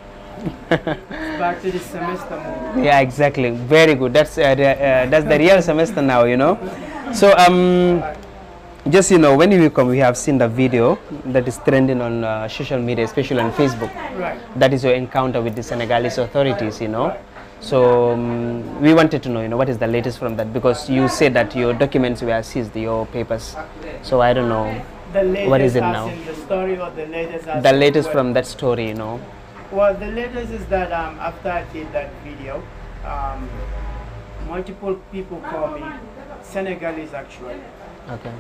[SPEAKER 4] back to the semester mode. Yeah,
[SPEAKER 2] exactly. Very good. That's uh, the, uh, that's the real semester now, you know. So um, just you know, when you come, we have seen the video that is trending on uh, social media, especially on Facebook. Right. That is your encounter with the Senegalese authorities, you know. Right. So um, we wanted to know, you know, what is the latest from that? Because you said that your documents were seized, your papers. So I don't know. what is it now?
[SPEAKER 4] the story or the latest? The latest from
[SPEAKER 2] that story, you know.
[SPEAKER 4] Well, the latest is that um, after I did that video, um, multiple people called me Senegalese actually. Okay.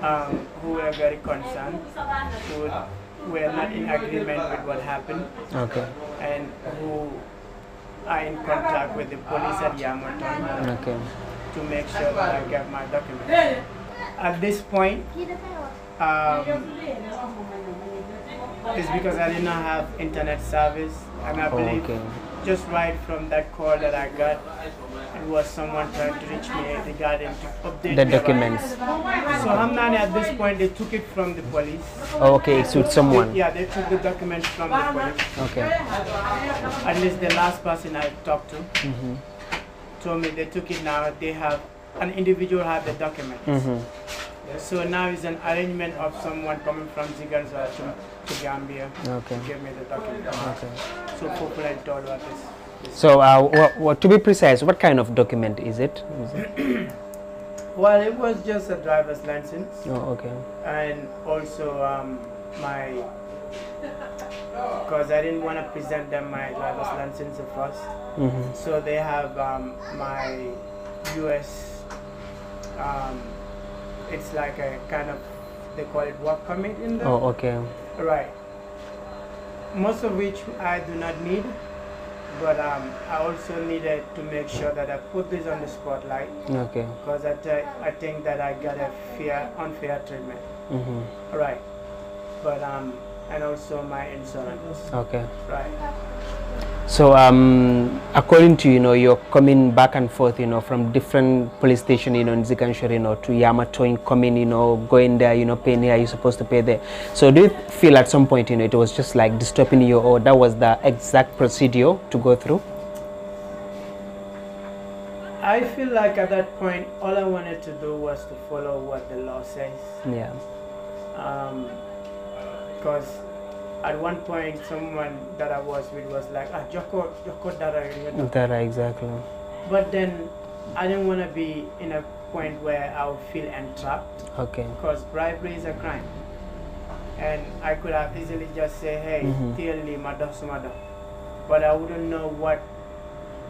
[SPEAKER 4] Um, who were very concerned, who were not in agreement with what happened. Okay. And who are in contact with the police at Yamaton okay. to make sure that I get my documents. At this point,
[SPEAKER 3] um, it's because I did not
[SPEAKER 4] have internet service, and I oh, believe okay. just right from that call that I got, it was someone trying to reach me regarding to update the documents.
[SPEAKER 3] Right.
[SPEAKER 4] So Hamnani, at this point they took it from the police. Oh, okay, it's with someone. They, yeah, they took the documents from the police. Okay. At least the last person I talked to mm -hmm. told me they took it now. They have an individual have the documents. Mm -hmm. So now it's an arrangement of someone coming from Ziganza to, to Gambia okay. to give me the documents. Okay. So popular told this.
[SPEAKER 2] So, uh, what, what, to be precise, what kind of document is it? Is
[SPEAKER 4] it? well, it was just a driver's license. Oh, okay. And also um, my, because I didn't want to present them my driver's license at 1st mm -hmm. So they have um, my U.S. Um, it's like a kind of they call it work permit in there. Oh, okay. Right. Most of which I do not need but um, I also needed to make sure that I put this on the spotlight. Okay. Because I, I think that I got a fair, unfair treatment. Mm-hmm. Right. But um, and also my
[SPEAKER 2] insurance. Okay. Right. So um, according to, you know, you're coming back and forth, you know, from different police station, you know, in Zikanshore, you know, to Yamato in coming, you know, going there, you know, paying here, you're supposed to pay there. So do you feel at some point, you know, it was just like disturbing you or that was the exact procedure to go through?
[SPEAKER 4] I feel like at that point, all I wanted to do was to follow what the law says. Yeah. Because um, at one point someone that I was with was like, ah, Joko, Joko Dara. dada, exactly. But then I didn't want to be in a point where I would feel entrapped. Okay. Because bribery is a crime. And I could have easily just say, hey, clearly, mm mother. But I wouldn't know what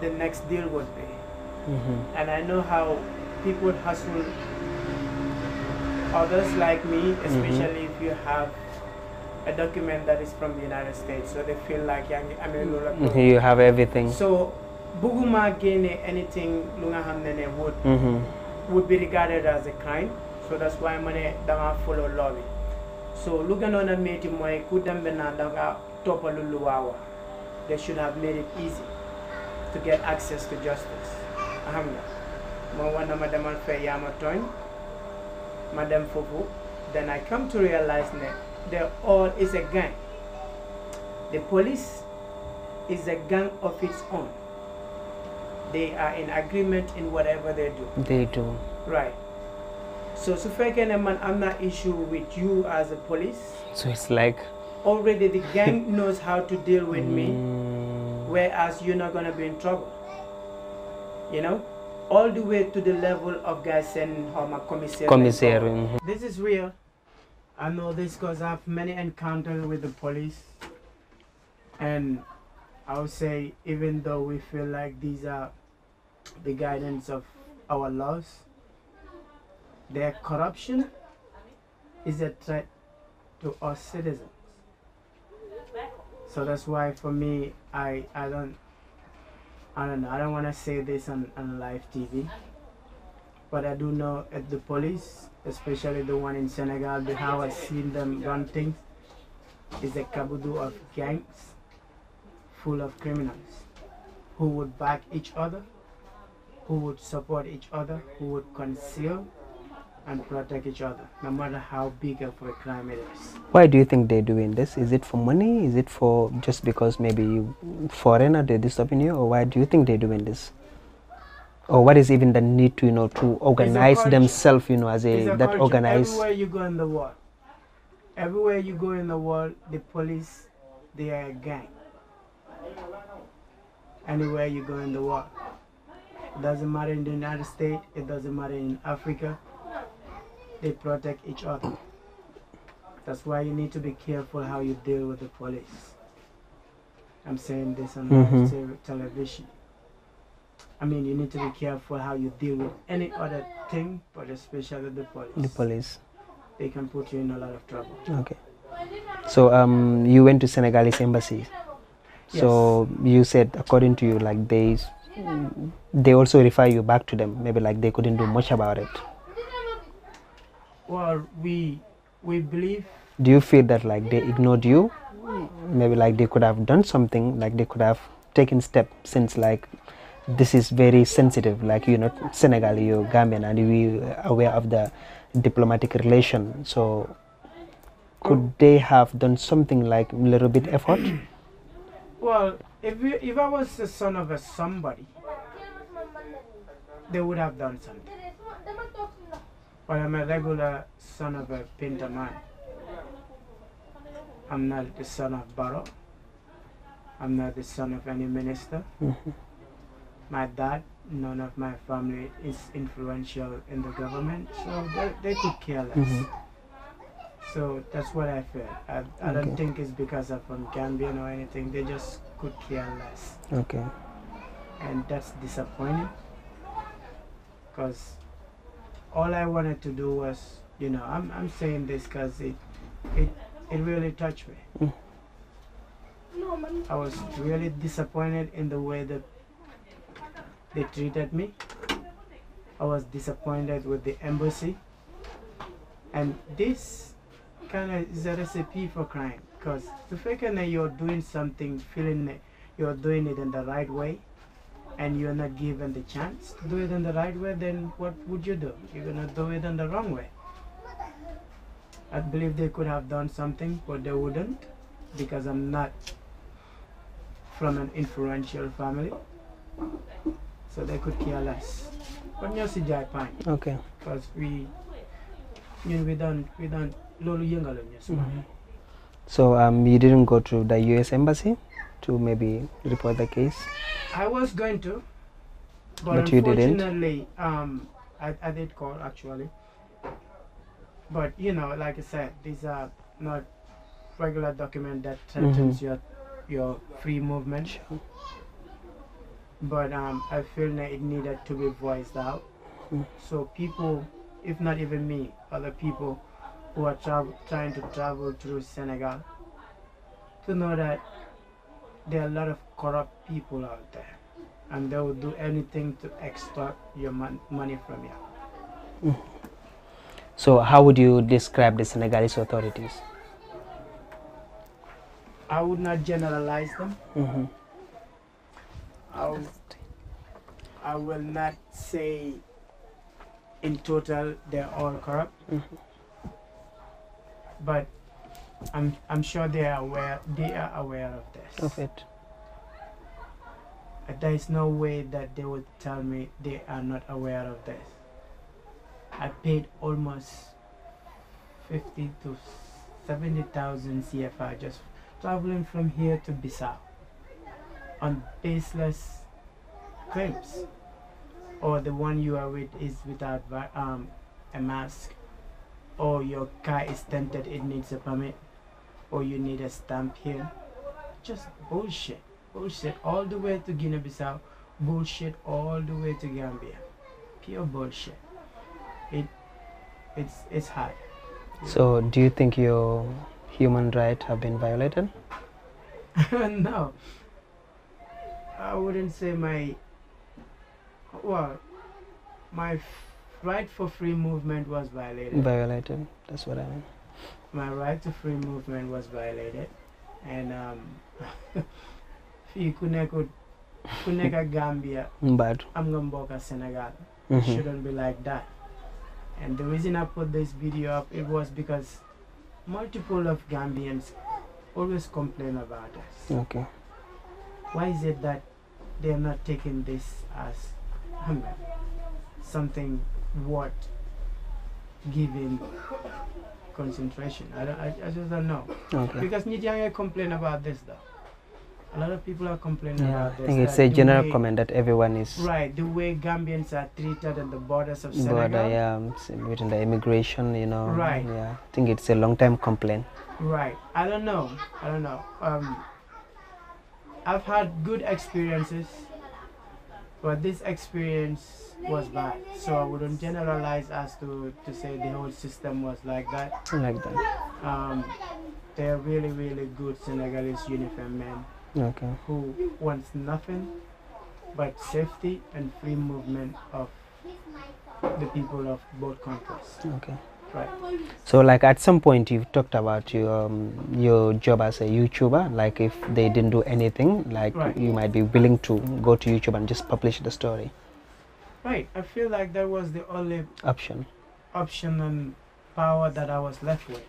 [SPEAKER 4] the next deal would be. Mm -hmm. And I know how people hustle others like me, mm-hmm. especially mm -hmm. if you have a document that is from the United States, so they feel like i ngi amee lu la. you have everything. so buguma génne anything lu nga would. Mm-hmm. would be regarded as a crime so that's why ma ne dama follow law so lu gënoon a métti mooy ku topa luluawa. they should have made it easy to get access to justice xam mwana moom war na ma demal fee then I come to realize ne. They all is a gang. The police is a gang of its own. They are in agreement in whatever they do. They do. Right. So Sufeken Eman, I'm not issue with you as a police.
[SPEAKER 2] So it's like
[SPEAKER 4] already the gang knows how to deal with me, mm. whereas you're not gonna be in trouble. You know? All the way to the level of guys sending home a commissary. Commissary. Mm -hmm. This is real. I know this because I have many encounters with the police, and I would say even though we feel like these are the guidance of our laws, their corruption is a threat to us citizens. So that's why for me, I I don't I don't know, I don't want to say this on on live TV. But I do know at the police, especially the one in Senegal, the how I've seen them run things is a kabudu of gangs full of criminals who would back each other, who would support each other, who would conceal and protect each other, no matter how big of a crime it is.
[SPEAKER 2] Why do you think they're doing this? Is it for money? Is it for just because maybe foreigner they disturbing you, or why do you think they're doing this? or what is even the need to you know to organize themselves you know as a, a that organized organize everywhere
[SPEAKER 4] you go in the world everywhere you go in the world the police they are a gang anywhere you go in the world it doesn't matter in the united states it doesn't matter in africa they protect each other that's why you need to be careful how you deal with the police i'm saying this on mm -hmm. television I mean, you need to be careful how you deal with any other thing, but especially the police. The police. They can put you in a lot of trouble.
[SPEAKER 2] Okay. So um, you went to Senegalese embassy. Yes. So you said, according to you, like they, they also refer you back to them. Maybe like they couldn't do much about it.
[SPEAKER 4] Well, we we believe.
[SPEAKER 2] Do you feel that like they ignored you? Maybe like they could have done something. Like they could have taken steps since like this is very sensitive like you're not senegal you're gambian and we aware of the diplomatic relation so could oh. they have done something like a little bit effort
[SPEAKER 4] well if if i was the son of a somebody they would have done something but i'm a regular son of a painter man i'm not the son of Baro. i'm not the son of any minister mm -hmm my dad, none of my family is influential in the government, so they, they could care less. Mm-hmm. So that's what I feel. I, I okay. don't think it's because I'm um, from Gambian or anything. They just could care less. Okay. And that's disappointing because all I wanted to do was, you know, I'm, I'm saying this because it, it, it really touched me.
[SPEAKER 3] Mm.
[SPEAKER 1] I was
[SPEAKER 4] really disappointed in the way that they treated me. I was disappointed with the embassy. And this kind of is a recipe for crime because the fact that you're doing something, feeling that you're doing it in the right way, and you're not given the chance to do it in the right way, then what would you do? You're gonna do it in the wrong way. I believe they could have done something, but they wouldn't because I'm not from an influential family so they could care less. But you see Japan. Okay. Because we, you know, we don't, we don't, lolo younger than
[SPEAKER 2] So um, you didn't go to the U.S. embassy to maybe report the case.
[SPEAKER 4] I was going to, but, but you didn't. Um, I, I did call actually. But you know, like I said, these are not regular document that sentence mm -hmm. your your free movement. Sure but um, I feel that it needed to be voiced out. Mm. So people, if not even me, other people who are travel, trying to travel through Senegal, to know that there are a lot of corrupt people out there, and they will do anything to extort your mon money from you.
[SPEAKER 2] Mm. So, how would you describe the Senegalese authorities?
[SPEAKER 4] I would not generalize them.
[SPEAKER 3] Mm
[SPEAKER 2] -hmm
[SPEAKER 4] I'll, I will not say in total they're all corrupt, mm-hmm. but I'm I'm sure they are aware they are aware of this. Of it. But there is no way that they would tell me they are not aware of this. I paid almost fifty to seventy thousand CFR just traveling from here to Bissau on baseless claims or the one you are with is without um, a mask or your car is tinted, it needs a permit or you need a stamp here just bullshit bullshit all the way to Guinea-Bissau bullshit all the way to Gambia pure bullshit it it's it's hard
[SPEAKER 2] so do you think your human rights have been violated
[SPEAKER 4] no I wouldn't say my well my right for free movement was violated. Violated. That's what I mean. My right to free movement was violated, and um, kuneko kuneka Gambia, but I'm gonna to Senegal mm -hmm. shouldn't be like that. And the reason I put this video up it was because multiple of Gambians always complain about us. Okay. Why is it that they are not taking this as um, something worth giving concentration? I, don't, I, I just don't know. Okay. Because Nijanga complain about this though. A lot of people are complaining yeah, about this. I think it's a general way, comment that everyone is. Right, the way Gambians are treated at the borders of Senegal. Border,
[SPEAKER 2] yeah, within the immigration, you know. Right. Yeah, I think it's a long time complaint.
[SPEAKER 4] Right. I don't know. I don't know. Um, I've had good experiences, but this experience was bad. So I wouldn't generalize as to, to say the whole system was like that. Like that. Um, they're really, really good Senegalese uniform men okay. who wants nothing but safety and free movement of the people of both countries. Okay. Right.
[SPEAKER 2] So like at some point you talked about your um, your job as a YouTuber. Like if they didn't do anything, like right. you might be willing to go to YouTube and just publish the story.
[SPEAKER 4] Right. I feel like that was the only option. Option and power that I was left with.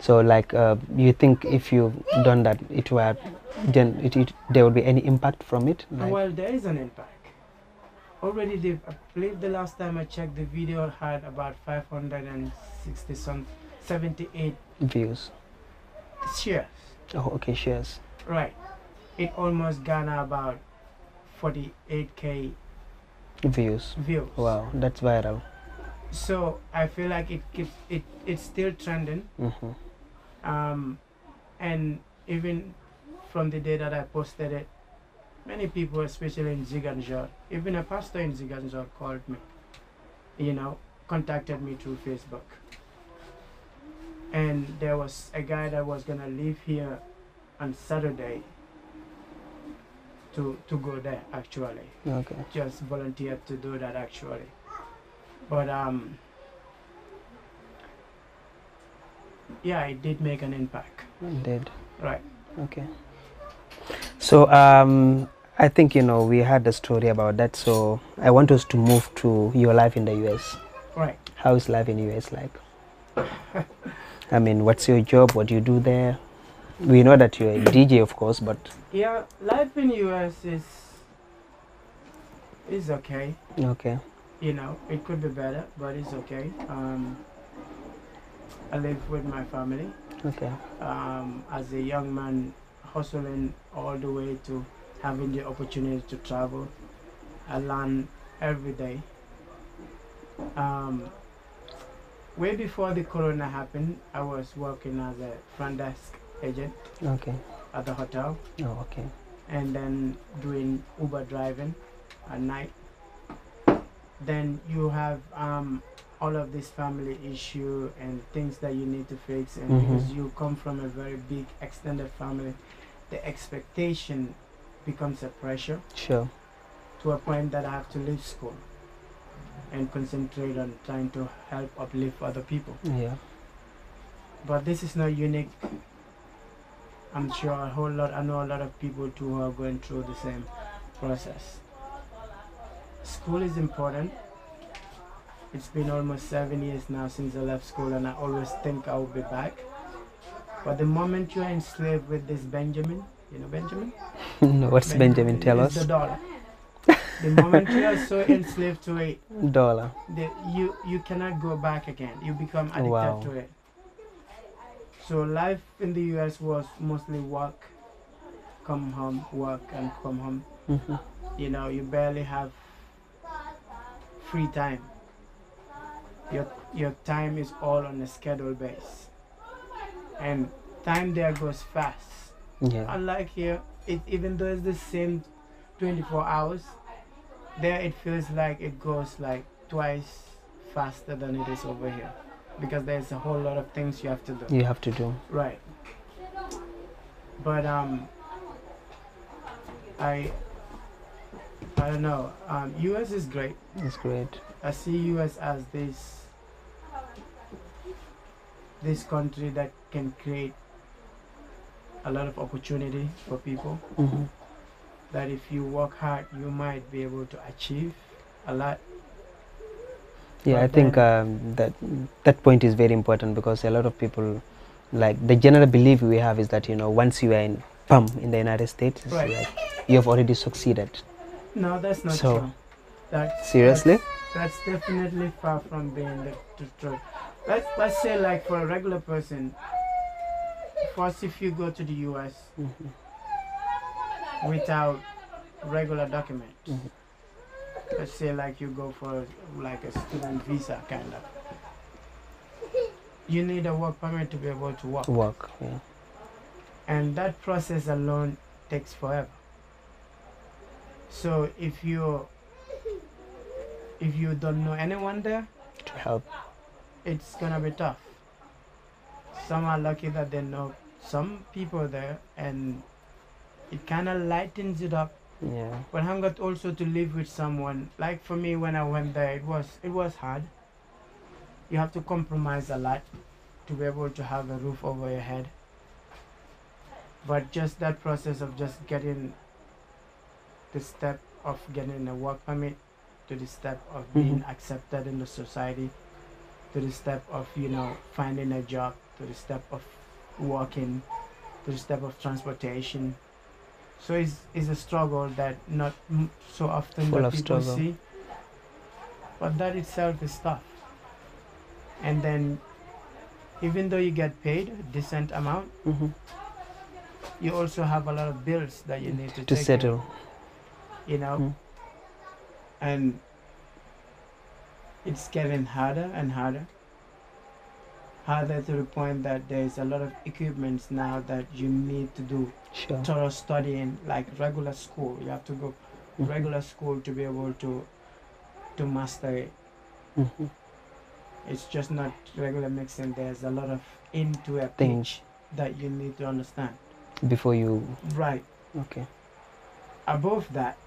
[SPEAKER 2] So like uh, you think if you've done that, it were then it, it there would be any impact from it? Like well,
[SPEAKER 4] there is an impact already I believe the last time I checked the video had about and. 60 some 78 views shares oh okay shares right it almost garner about 48k
[SPEAKER 2] views views wow that's viral
[SPEAKER 4] so i feel like it keeps it it's still trending mm-hmm. um and even from the day that i posted it many people especially in ziganjor even a pastor in ziganjor called me you know contacted me through Facebook. And there was a guy that was gonna leave here on Saturday to to go there actually. Okay. Just volunteered to do that actually. But um yeah, it did make an impact. did. Right.
[SPEAKER 2] Okay. So um I think you know we had the story about that so I want us to move to your life in the US how's life in US like? I mean, what's your job? What do you do there? We know that you're a mm. DJ, of course, but yeah,
[SPEAKER 4] life in US is is okay. Okay. You know, it could be better, but it's okay. Um, I live with my family. Okay. Um, as a young man, hustling all the way to having the opportunity to travel, I learn every day. Um, way before the corona happened, I was working as a front desk agent. Okay. At the hotel. Oh, okay. And then doing Uber driving at night. Then you have um, all of this family issue and things that you need to fix, and mm -hmm. because you come from a very big extended family, the expectation becomes a pressure. Sure. To a point that I have to leave school and concentrate on trying to help uplift other people. Yeah. But this is not unique. I'm sure a whole lot, I know a lot of people too who are going through the same process. School is important. It's been almost seven years now since I left school and I always think I will be back. But the moment you are enslaved with this Benjamin, you know Benjamin? no, what's Benjamin? Benjamin? Tell us. the dollar the moment you are so enslaved to it dollar the, you you cannot go back again you become addicted wow. to it so life in the us was mostly work come home work and come home mm-hmm. you know you barely have free time your your time is all on a schedule base and time there goes fast yeah. unlike here it, even though it's the same 24 hours there it feels like it goes like twice faster than it is over here because there's a whole lot of things you have to do you have to do right but um i i don't know um us is great it's great i see us as this this country that can create a lot of opportunity for people mm-hmm that if you work hard, you might be able to achieve a lot. Yeah, but I think
[SPEAKER 2] um, that that point is very important because a lot of people, like the general belief we have is that you know once you are in PAM in the United States, right. like you have already succeeded.
[SPEAKER 4] No, that's not so, true.
[SPEAKER 2] That, seriously?
[SPEAKER 4] That's, that's, definitely far from being the, the truth. Let's let's say like for a regular person, first if you go to the U.S. Mm -hmm without regular document. Mm -hmm. Let's say like you go for like a student visa kind of. You need a work permit to be able to work. Work, yeah. And that process alone takes forever. So if you if you don't know anyone there to help, it's gonna be tough. Some are lucky that they know some people there and it kind of lightens it up yeah but i am got also to live with someone like for me when i went there it was it was hard you have to compromise a lot to be able to have a roof over your head but just that process of just getting the step of getting a work permit to the step of mm-hmm. being mm-hmm. accepted in the society to the step of you know finding a job to the step of working to the step of transportation so it's, it's a struggle that not so often Full that of people struggle. see but that itself is tough and then even though you get paid a decent amount mm -hmm. you also have a lot of bills that you need to, to settle you know mm. and it's getting harder and harder harder to the point that there's a lot of equipments now that you need to do sure. thorough studying like regular school you have to go mm-hmm. regular school to be able to to master it mm-hmm. it's just not regular mixing there's a lot of into a pitch that you need to understand before you right okay above that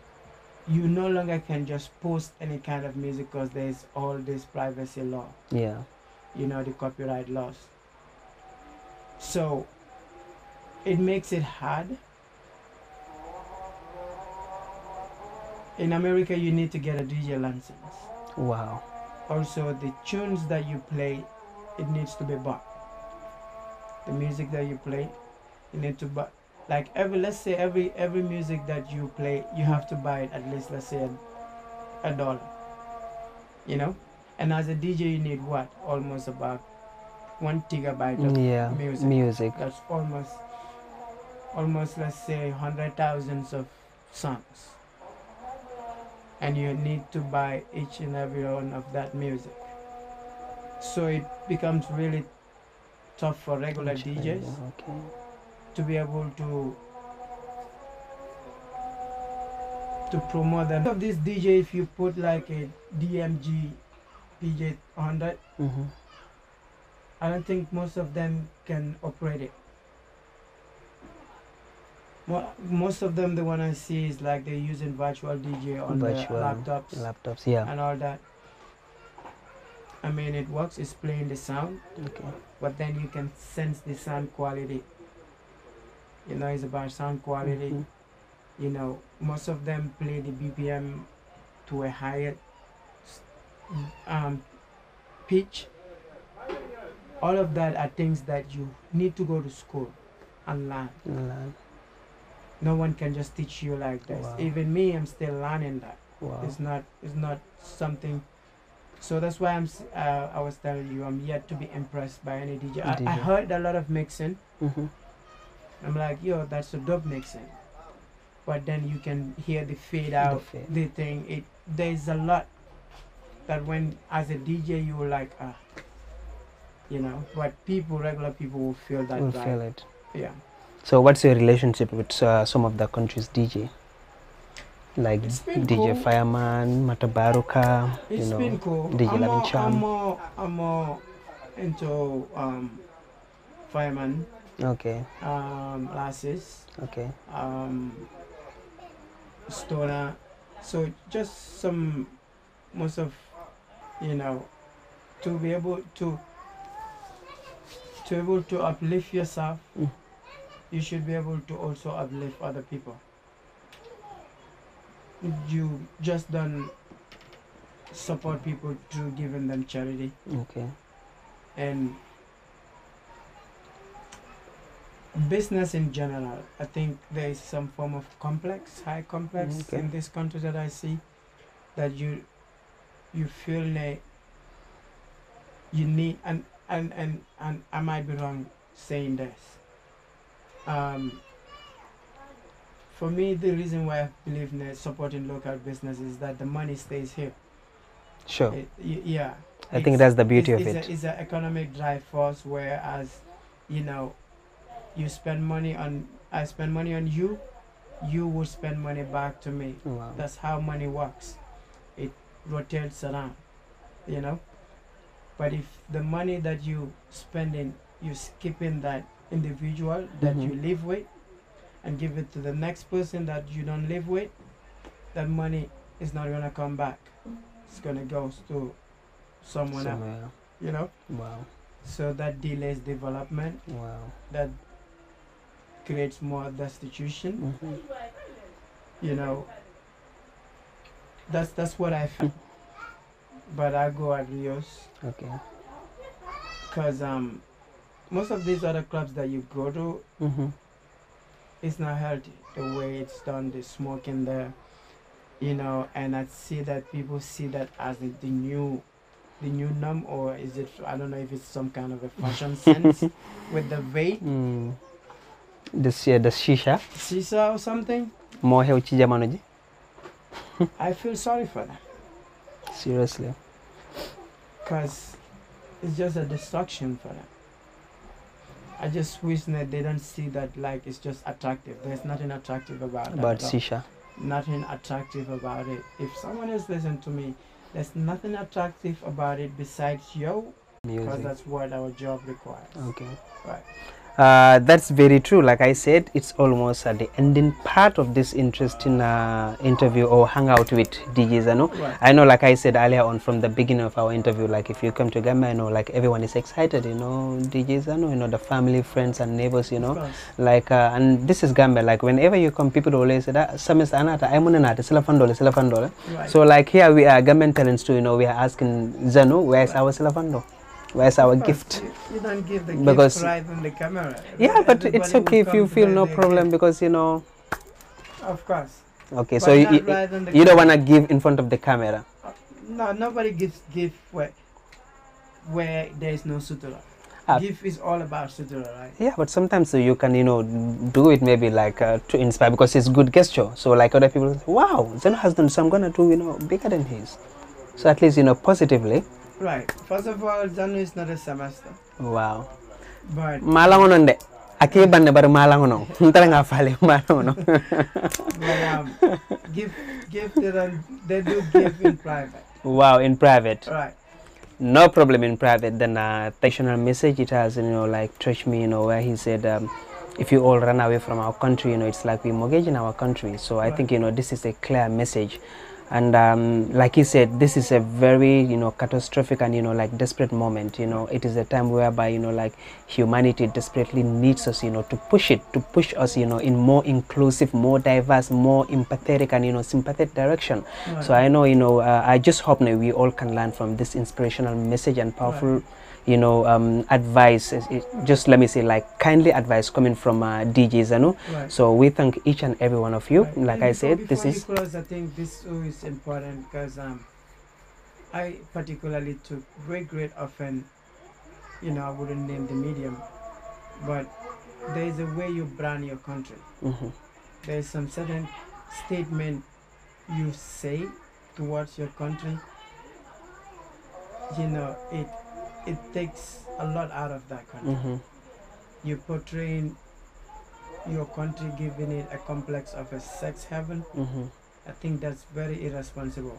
[SPEAKER 4] you no longer can just post any kind of music because there's all this privacy law yeah you know, the copyright laws. So it makes it hard. In America, you need to get a DJ license. Wow. Also, the tunes that you play, it needs to be bought. The music that you play, you need to buy. Like every, let's say every every music that you play, you have to buy it at least, let's say, a, a dollar. You know. And as a DJ, you need what? Almost about one gigabyte of yeah, music. music. That's almost, almost let's say hundred thousands of songs. And you need to buy each and every one of that music. So it becomes really tough for regular DJs okay. to be able to to promote them. Of this DJ, if you put like a DMG PJ 100. Mm-hmm. I don't think most of them can operate it. Most of them, the one I see is like they're using virtual DJ on virtual their laptops, laptops, yeah, and all that. I mean, it works. It's playing the sound, okay. But then you can sense the sound quality. You know, it's about sound quality. Mm-hmm. You know, most of them play the BPM to a higher um, pitch, all of that are things that you need to go to school and learn. And learn. No one can just teach you like this. Wow. Even me, I'm still learning that. Wow. It's not. It's not something. So that's why I'm. Uh, I was telling you, I'm yet to be impressed by any DJ. I, I heard a lot of mixing. Mm-hmm. I'm like, yo, that's a dope mixing. But then you can hear the fade out, the, fade. the thing. It there's a lot that when as a DJ you were like, ah, you know, but people, regular people will feel that. Will feel it. Yeah.
[SPEAKER 2] So what's your relationship with uh, some of the country's DJ? Like DJ cool. Fireman, Matabaruka, you know, cool. DJ Lavin Charm. I'm
[SPEAKER 4] more, I'm more into um, Fireman. Okay. Um, Lasses. Okay. Um, Stoner. So just some most of you know, to be able to to be able to uplift yourself, mm. you should be able to also uplift other people. You just don't support people through giving them charity. Okay. And business in general, I think there is some form of complex, high complex mm, okay. in this country that I see that you you feel like you need and and and and I might be wrong saying this. Um, for me, the reason why I believe in supporting local businesses is that the money stays here.
[SPEAKER 2] Sure. It, yeah. I think that's the beauty it's, of it's
[SPEAKER 4] it. A, it's an economic drive force, whereas, you know, you spend money on I spend money on you, you will spend money back to me. Wow. That's how money works rotates around you know but if the money that you spending you skipping that individual that mm-hmm. you live with and give it to the next person that you don't live with that money is not gonna come back it's gonna go to someone Somewhere. else you know wow so that delays development wow that creates more destitution mm-hmm. you know that's that's what I feel. but I go at Rios. Okay. Cause um, most of these other clubs that you go to, mm-hmm. it's not healthy the way it's done. The smoking there, you know, and I see that people see that as the, the new the new norm or is it i don't know if it's some kind of a fashion sense
[SPEAKER 2] with the vape mm. this yeah the shisha
[SPEAKER 4] shisha or something More healthy I feel sorry for them.
[SPEAKER 2] Seriously.
[SPEAKER 4] Because it's just a destruction for them. I just wish that they don't see that like it's just attractive. There's nothing attractive about it. About Sisha. Nothing attractive about it. If someone is listening to me, there's nothing attractive about it besides you, because that's what our job
[SPEAKER 3] requires. Okay. Right
[SPEAKER 2] uh, that's very true like i said it's almost at the ending part of this interesting uh, interview or hangout with DJs. zano right. i know like i said earlier on from the beginning of our interview like if you come to gamba you know like everyone is excited you know DJs. I know. you know the family friends and neighbors you know like uh, and this is gamba like whenever you come people always say that is anata i'm on anata so like here we are gambian talents too you know we are asking zano where's right. our silafandole as our gift. You
[SPEAKER 4] don't give the because gift right on the camera. Yeah, but it's okay if you feel no problem
[SPEAKER 2] because you know.
[SPEAKER 4] Of course. Okay, but so you, right you don't want to
[SPEAKER 2] give in front of the camera.
[SPEAKER 4] No, nobody gives gift where where there is no sutura.
[SPEAKER 2] Uh, gift is all about sutura, right? Yeah, but sometimes you can, you know, do it maybe like uh, to inspire because it's good gesture. So like other people, wow, Zeno has done, so I'm gonna do, you know, bigger than his. So at least you know positively.
[SPEAKER 4] Right. First of all, January is not a semester.
[SPEAKER 2] Wow. But. Malangono nde. Ake bande baru malangono. Ntara nga fale malangono. But um,
[SPEAKER 3] give give they do they do give in private.
[SPEAKER 2] Wow, in private. Right. No problem in private. Then a uh, message it has, you know, like touch me, you know, where he said. Um, if you all run away from our country, you know, it's like we mortgage in our country. So I think, you know, this is a clear message and um, like he said this is a very you know catastrophic and you know like desperate moment you know it is a time whereby you know like humanity desperately needs us you know to push it to push us you know in more inclusive more diverse more empathetic and you know sympathetic direction right. so i know you know uh, i just hope that we all can learn from this inspirational message and powerful right you know, um, advice, just let me say, like kindly advice coming from uh, DJ Zanu. Right. So we thank each and every one of you. Right. Like and I said, this is.
[SPEAKER 4] Close, I think this is important because um, I particularly took great, great often, you know, I wouldn't name the medium, but there is a way you brand your country. Mm -hmm. There is some certain statement you say towards your country. You know, it it takes a lot out of that country. Mm-hmm. You're portraying your country, giving it a complex of a sex heaven. Mm-hmm. I think that's very irresponsible.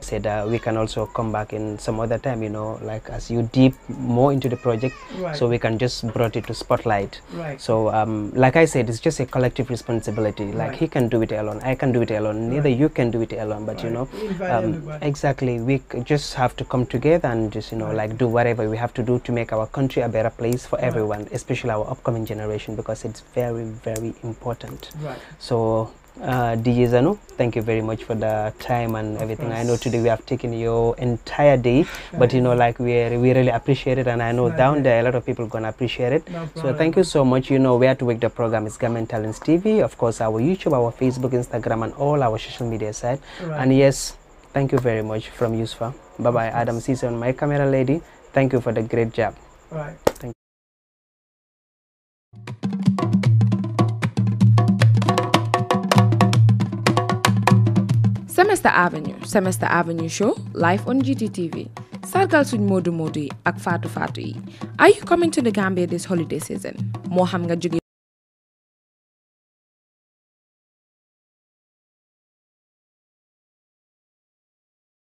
[SPEAKER 2] Said uh, we can also come back in some other time, you know, like as you deep more into the project, right. so we can just brought it to spotlight. Right. So, um, like I said, it's just a collective responsibility. Like right. he can do it alone, I can do it alone, neither you can do it alone. But you know, um, exactly, we just have to come together and just you know, like do whatever we have to do to make our country a better place for everyone, especially our upcoming generation, because it's very, very important. Right. So uh, DJ Zanu, thank you very much for the time and of everything. Course. I know today we have taken your entire day, but you know, like we we really appreciate it, and I know down there a lot of people gonna appreciate it. No so thank you so much. You know where to work the program is Government Talents TV, of course, our YouTube, our Facebook, Instagram, and all our social media site. Right. And yes, thank you very much from Yusfa. Bye bye, Adam Season, my camera lady. Thank you for the great job. All
[SPEAKER 1] right. Thank Semester Avenue Semester Avenue show live on GTTV sargal suñ moodu moodu yi ak faatu faatu yi are you coming to the Gambia this holiday season moo xam nga jóge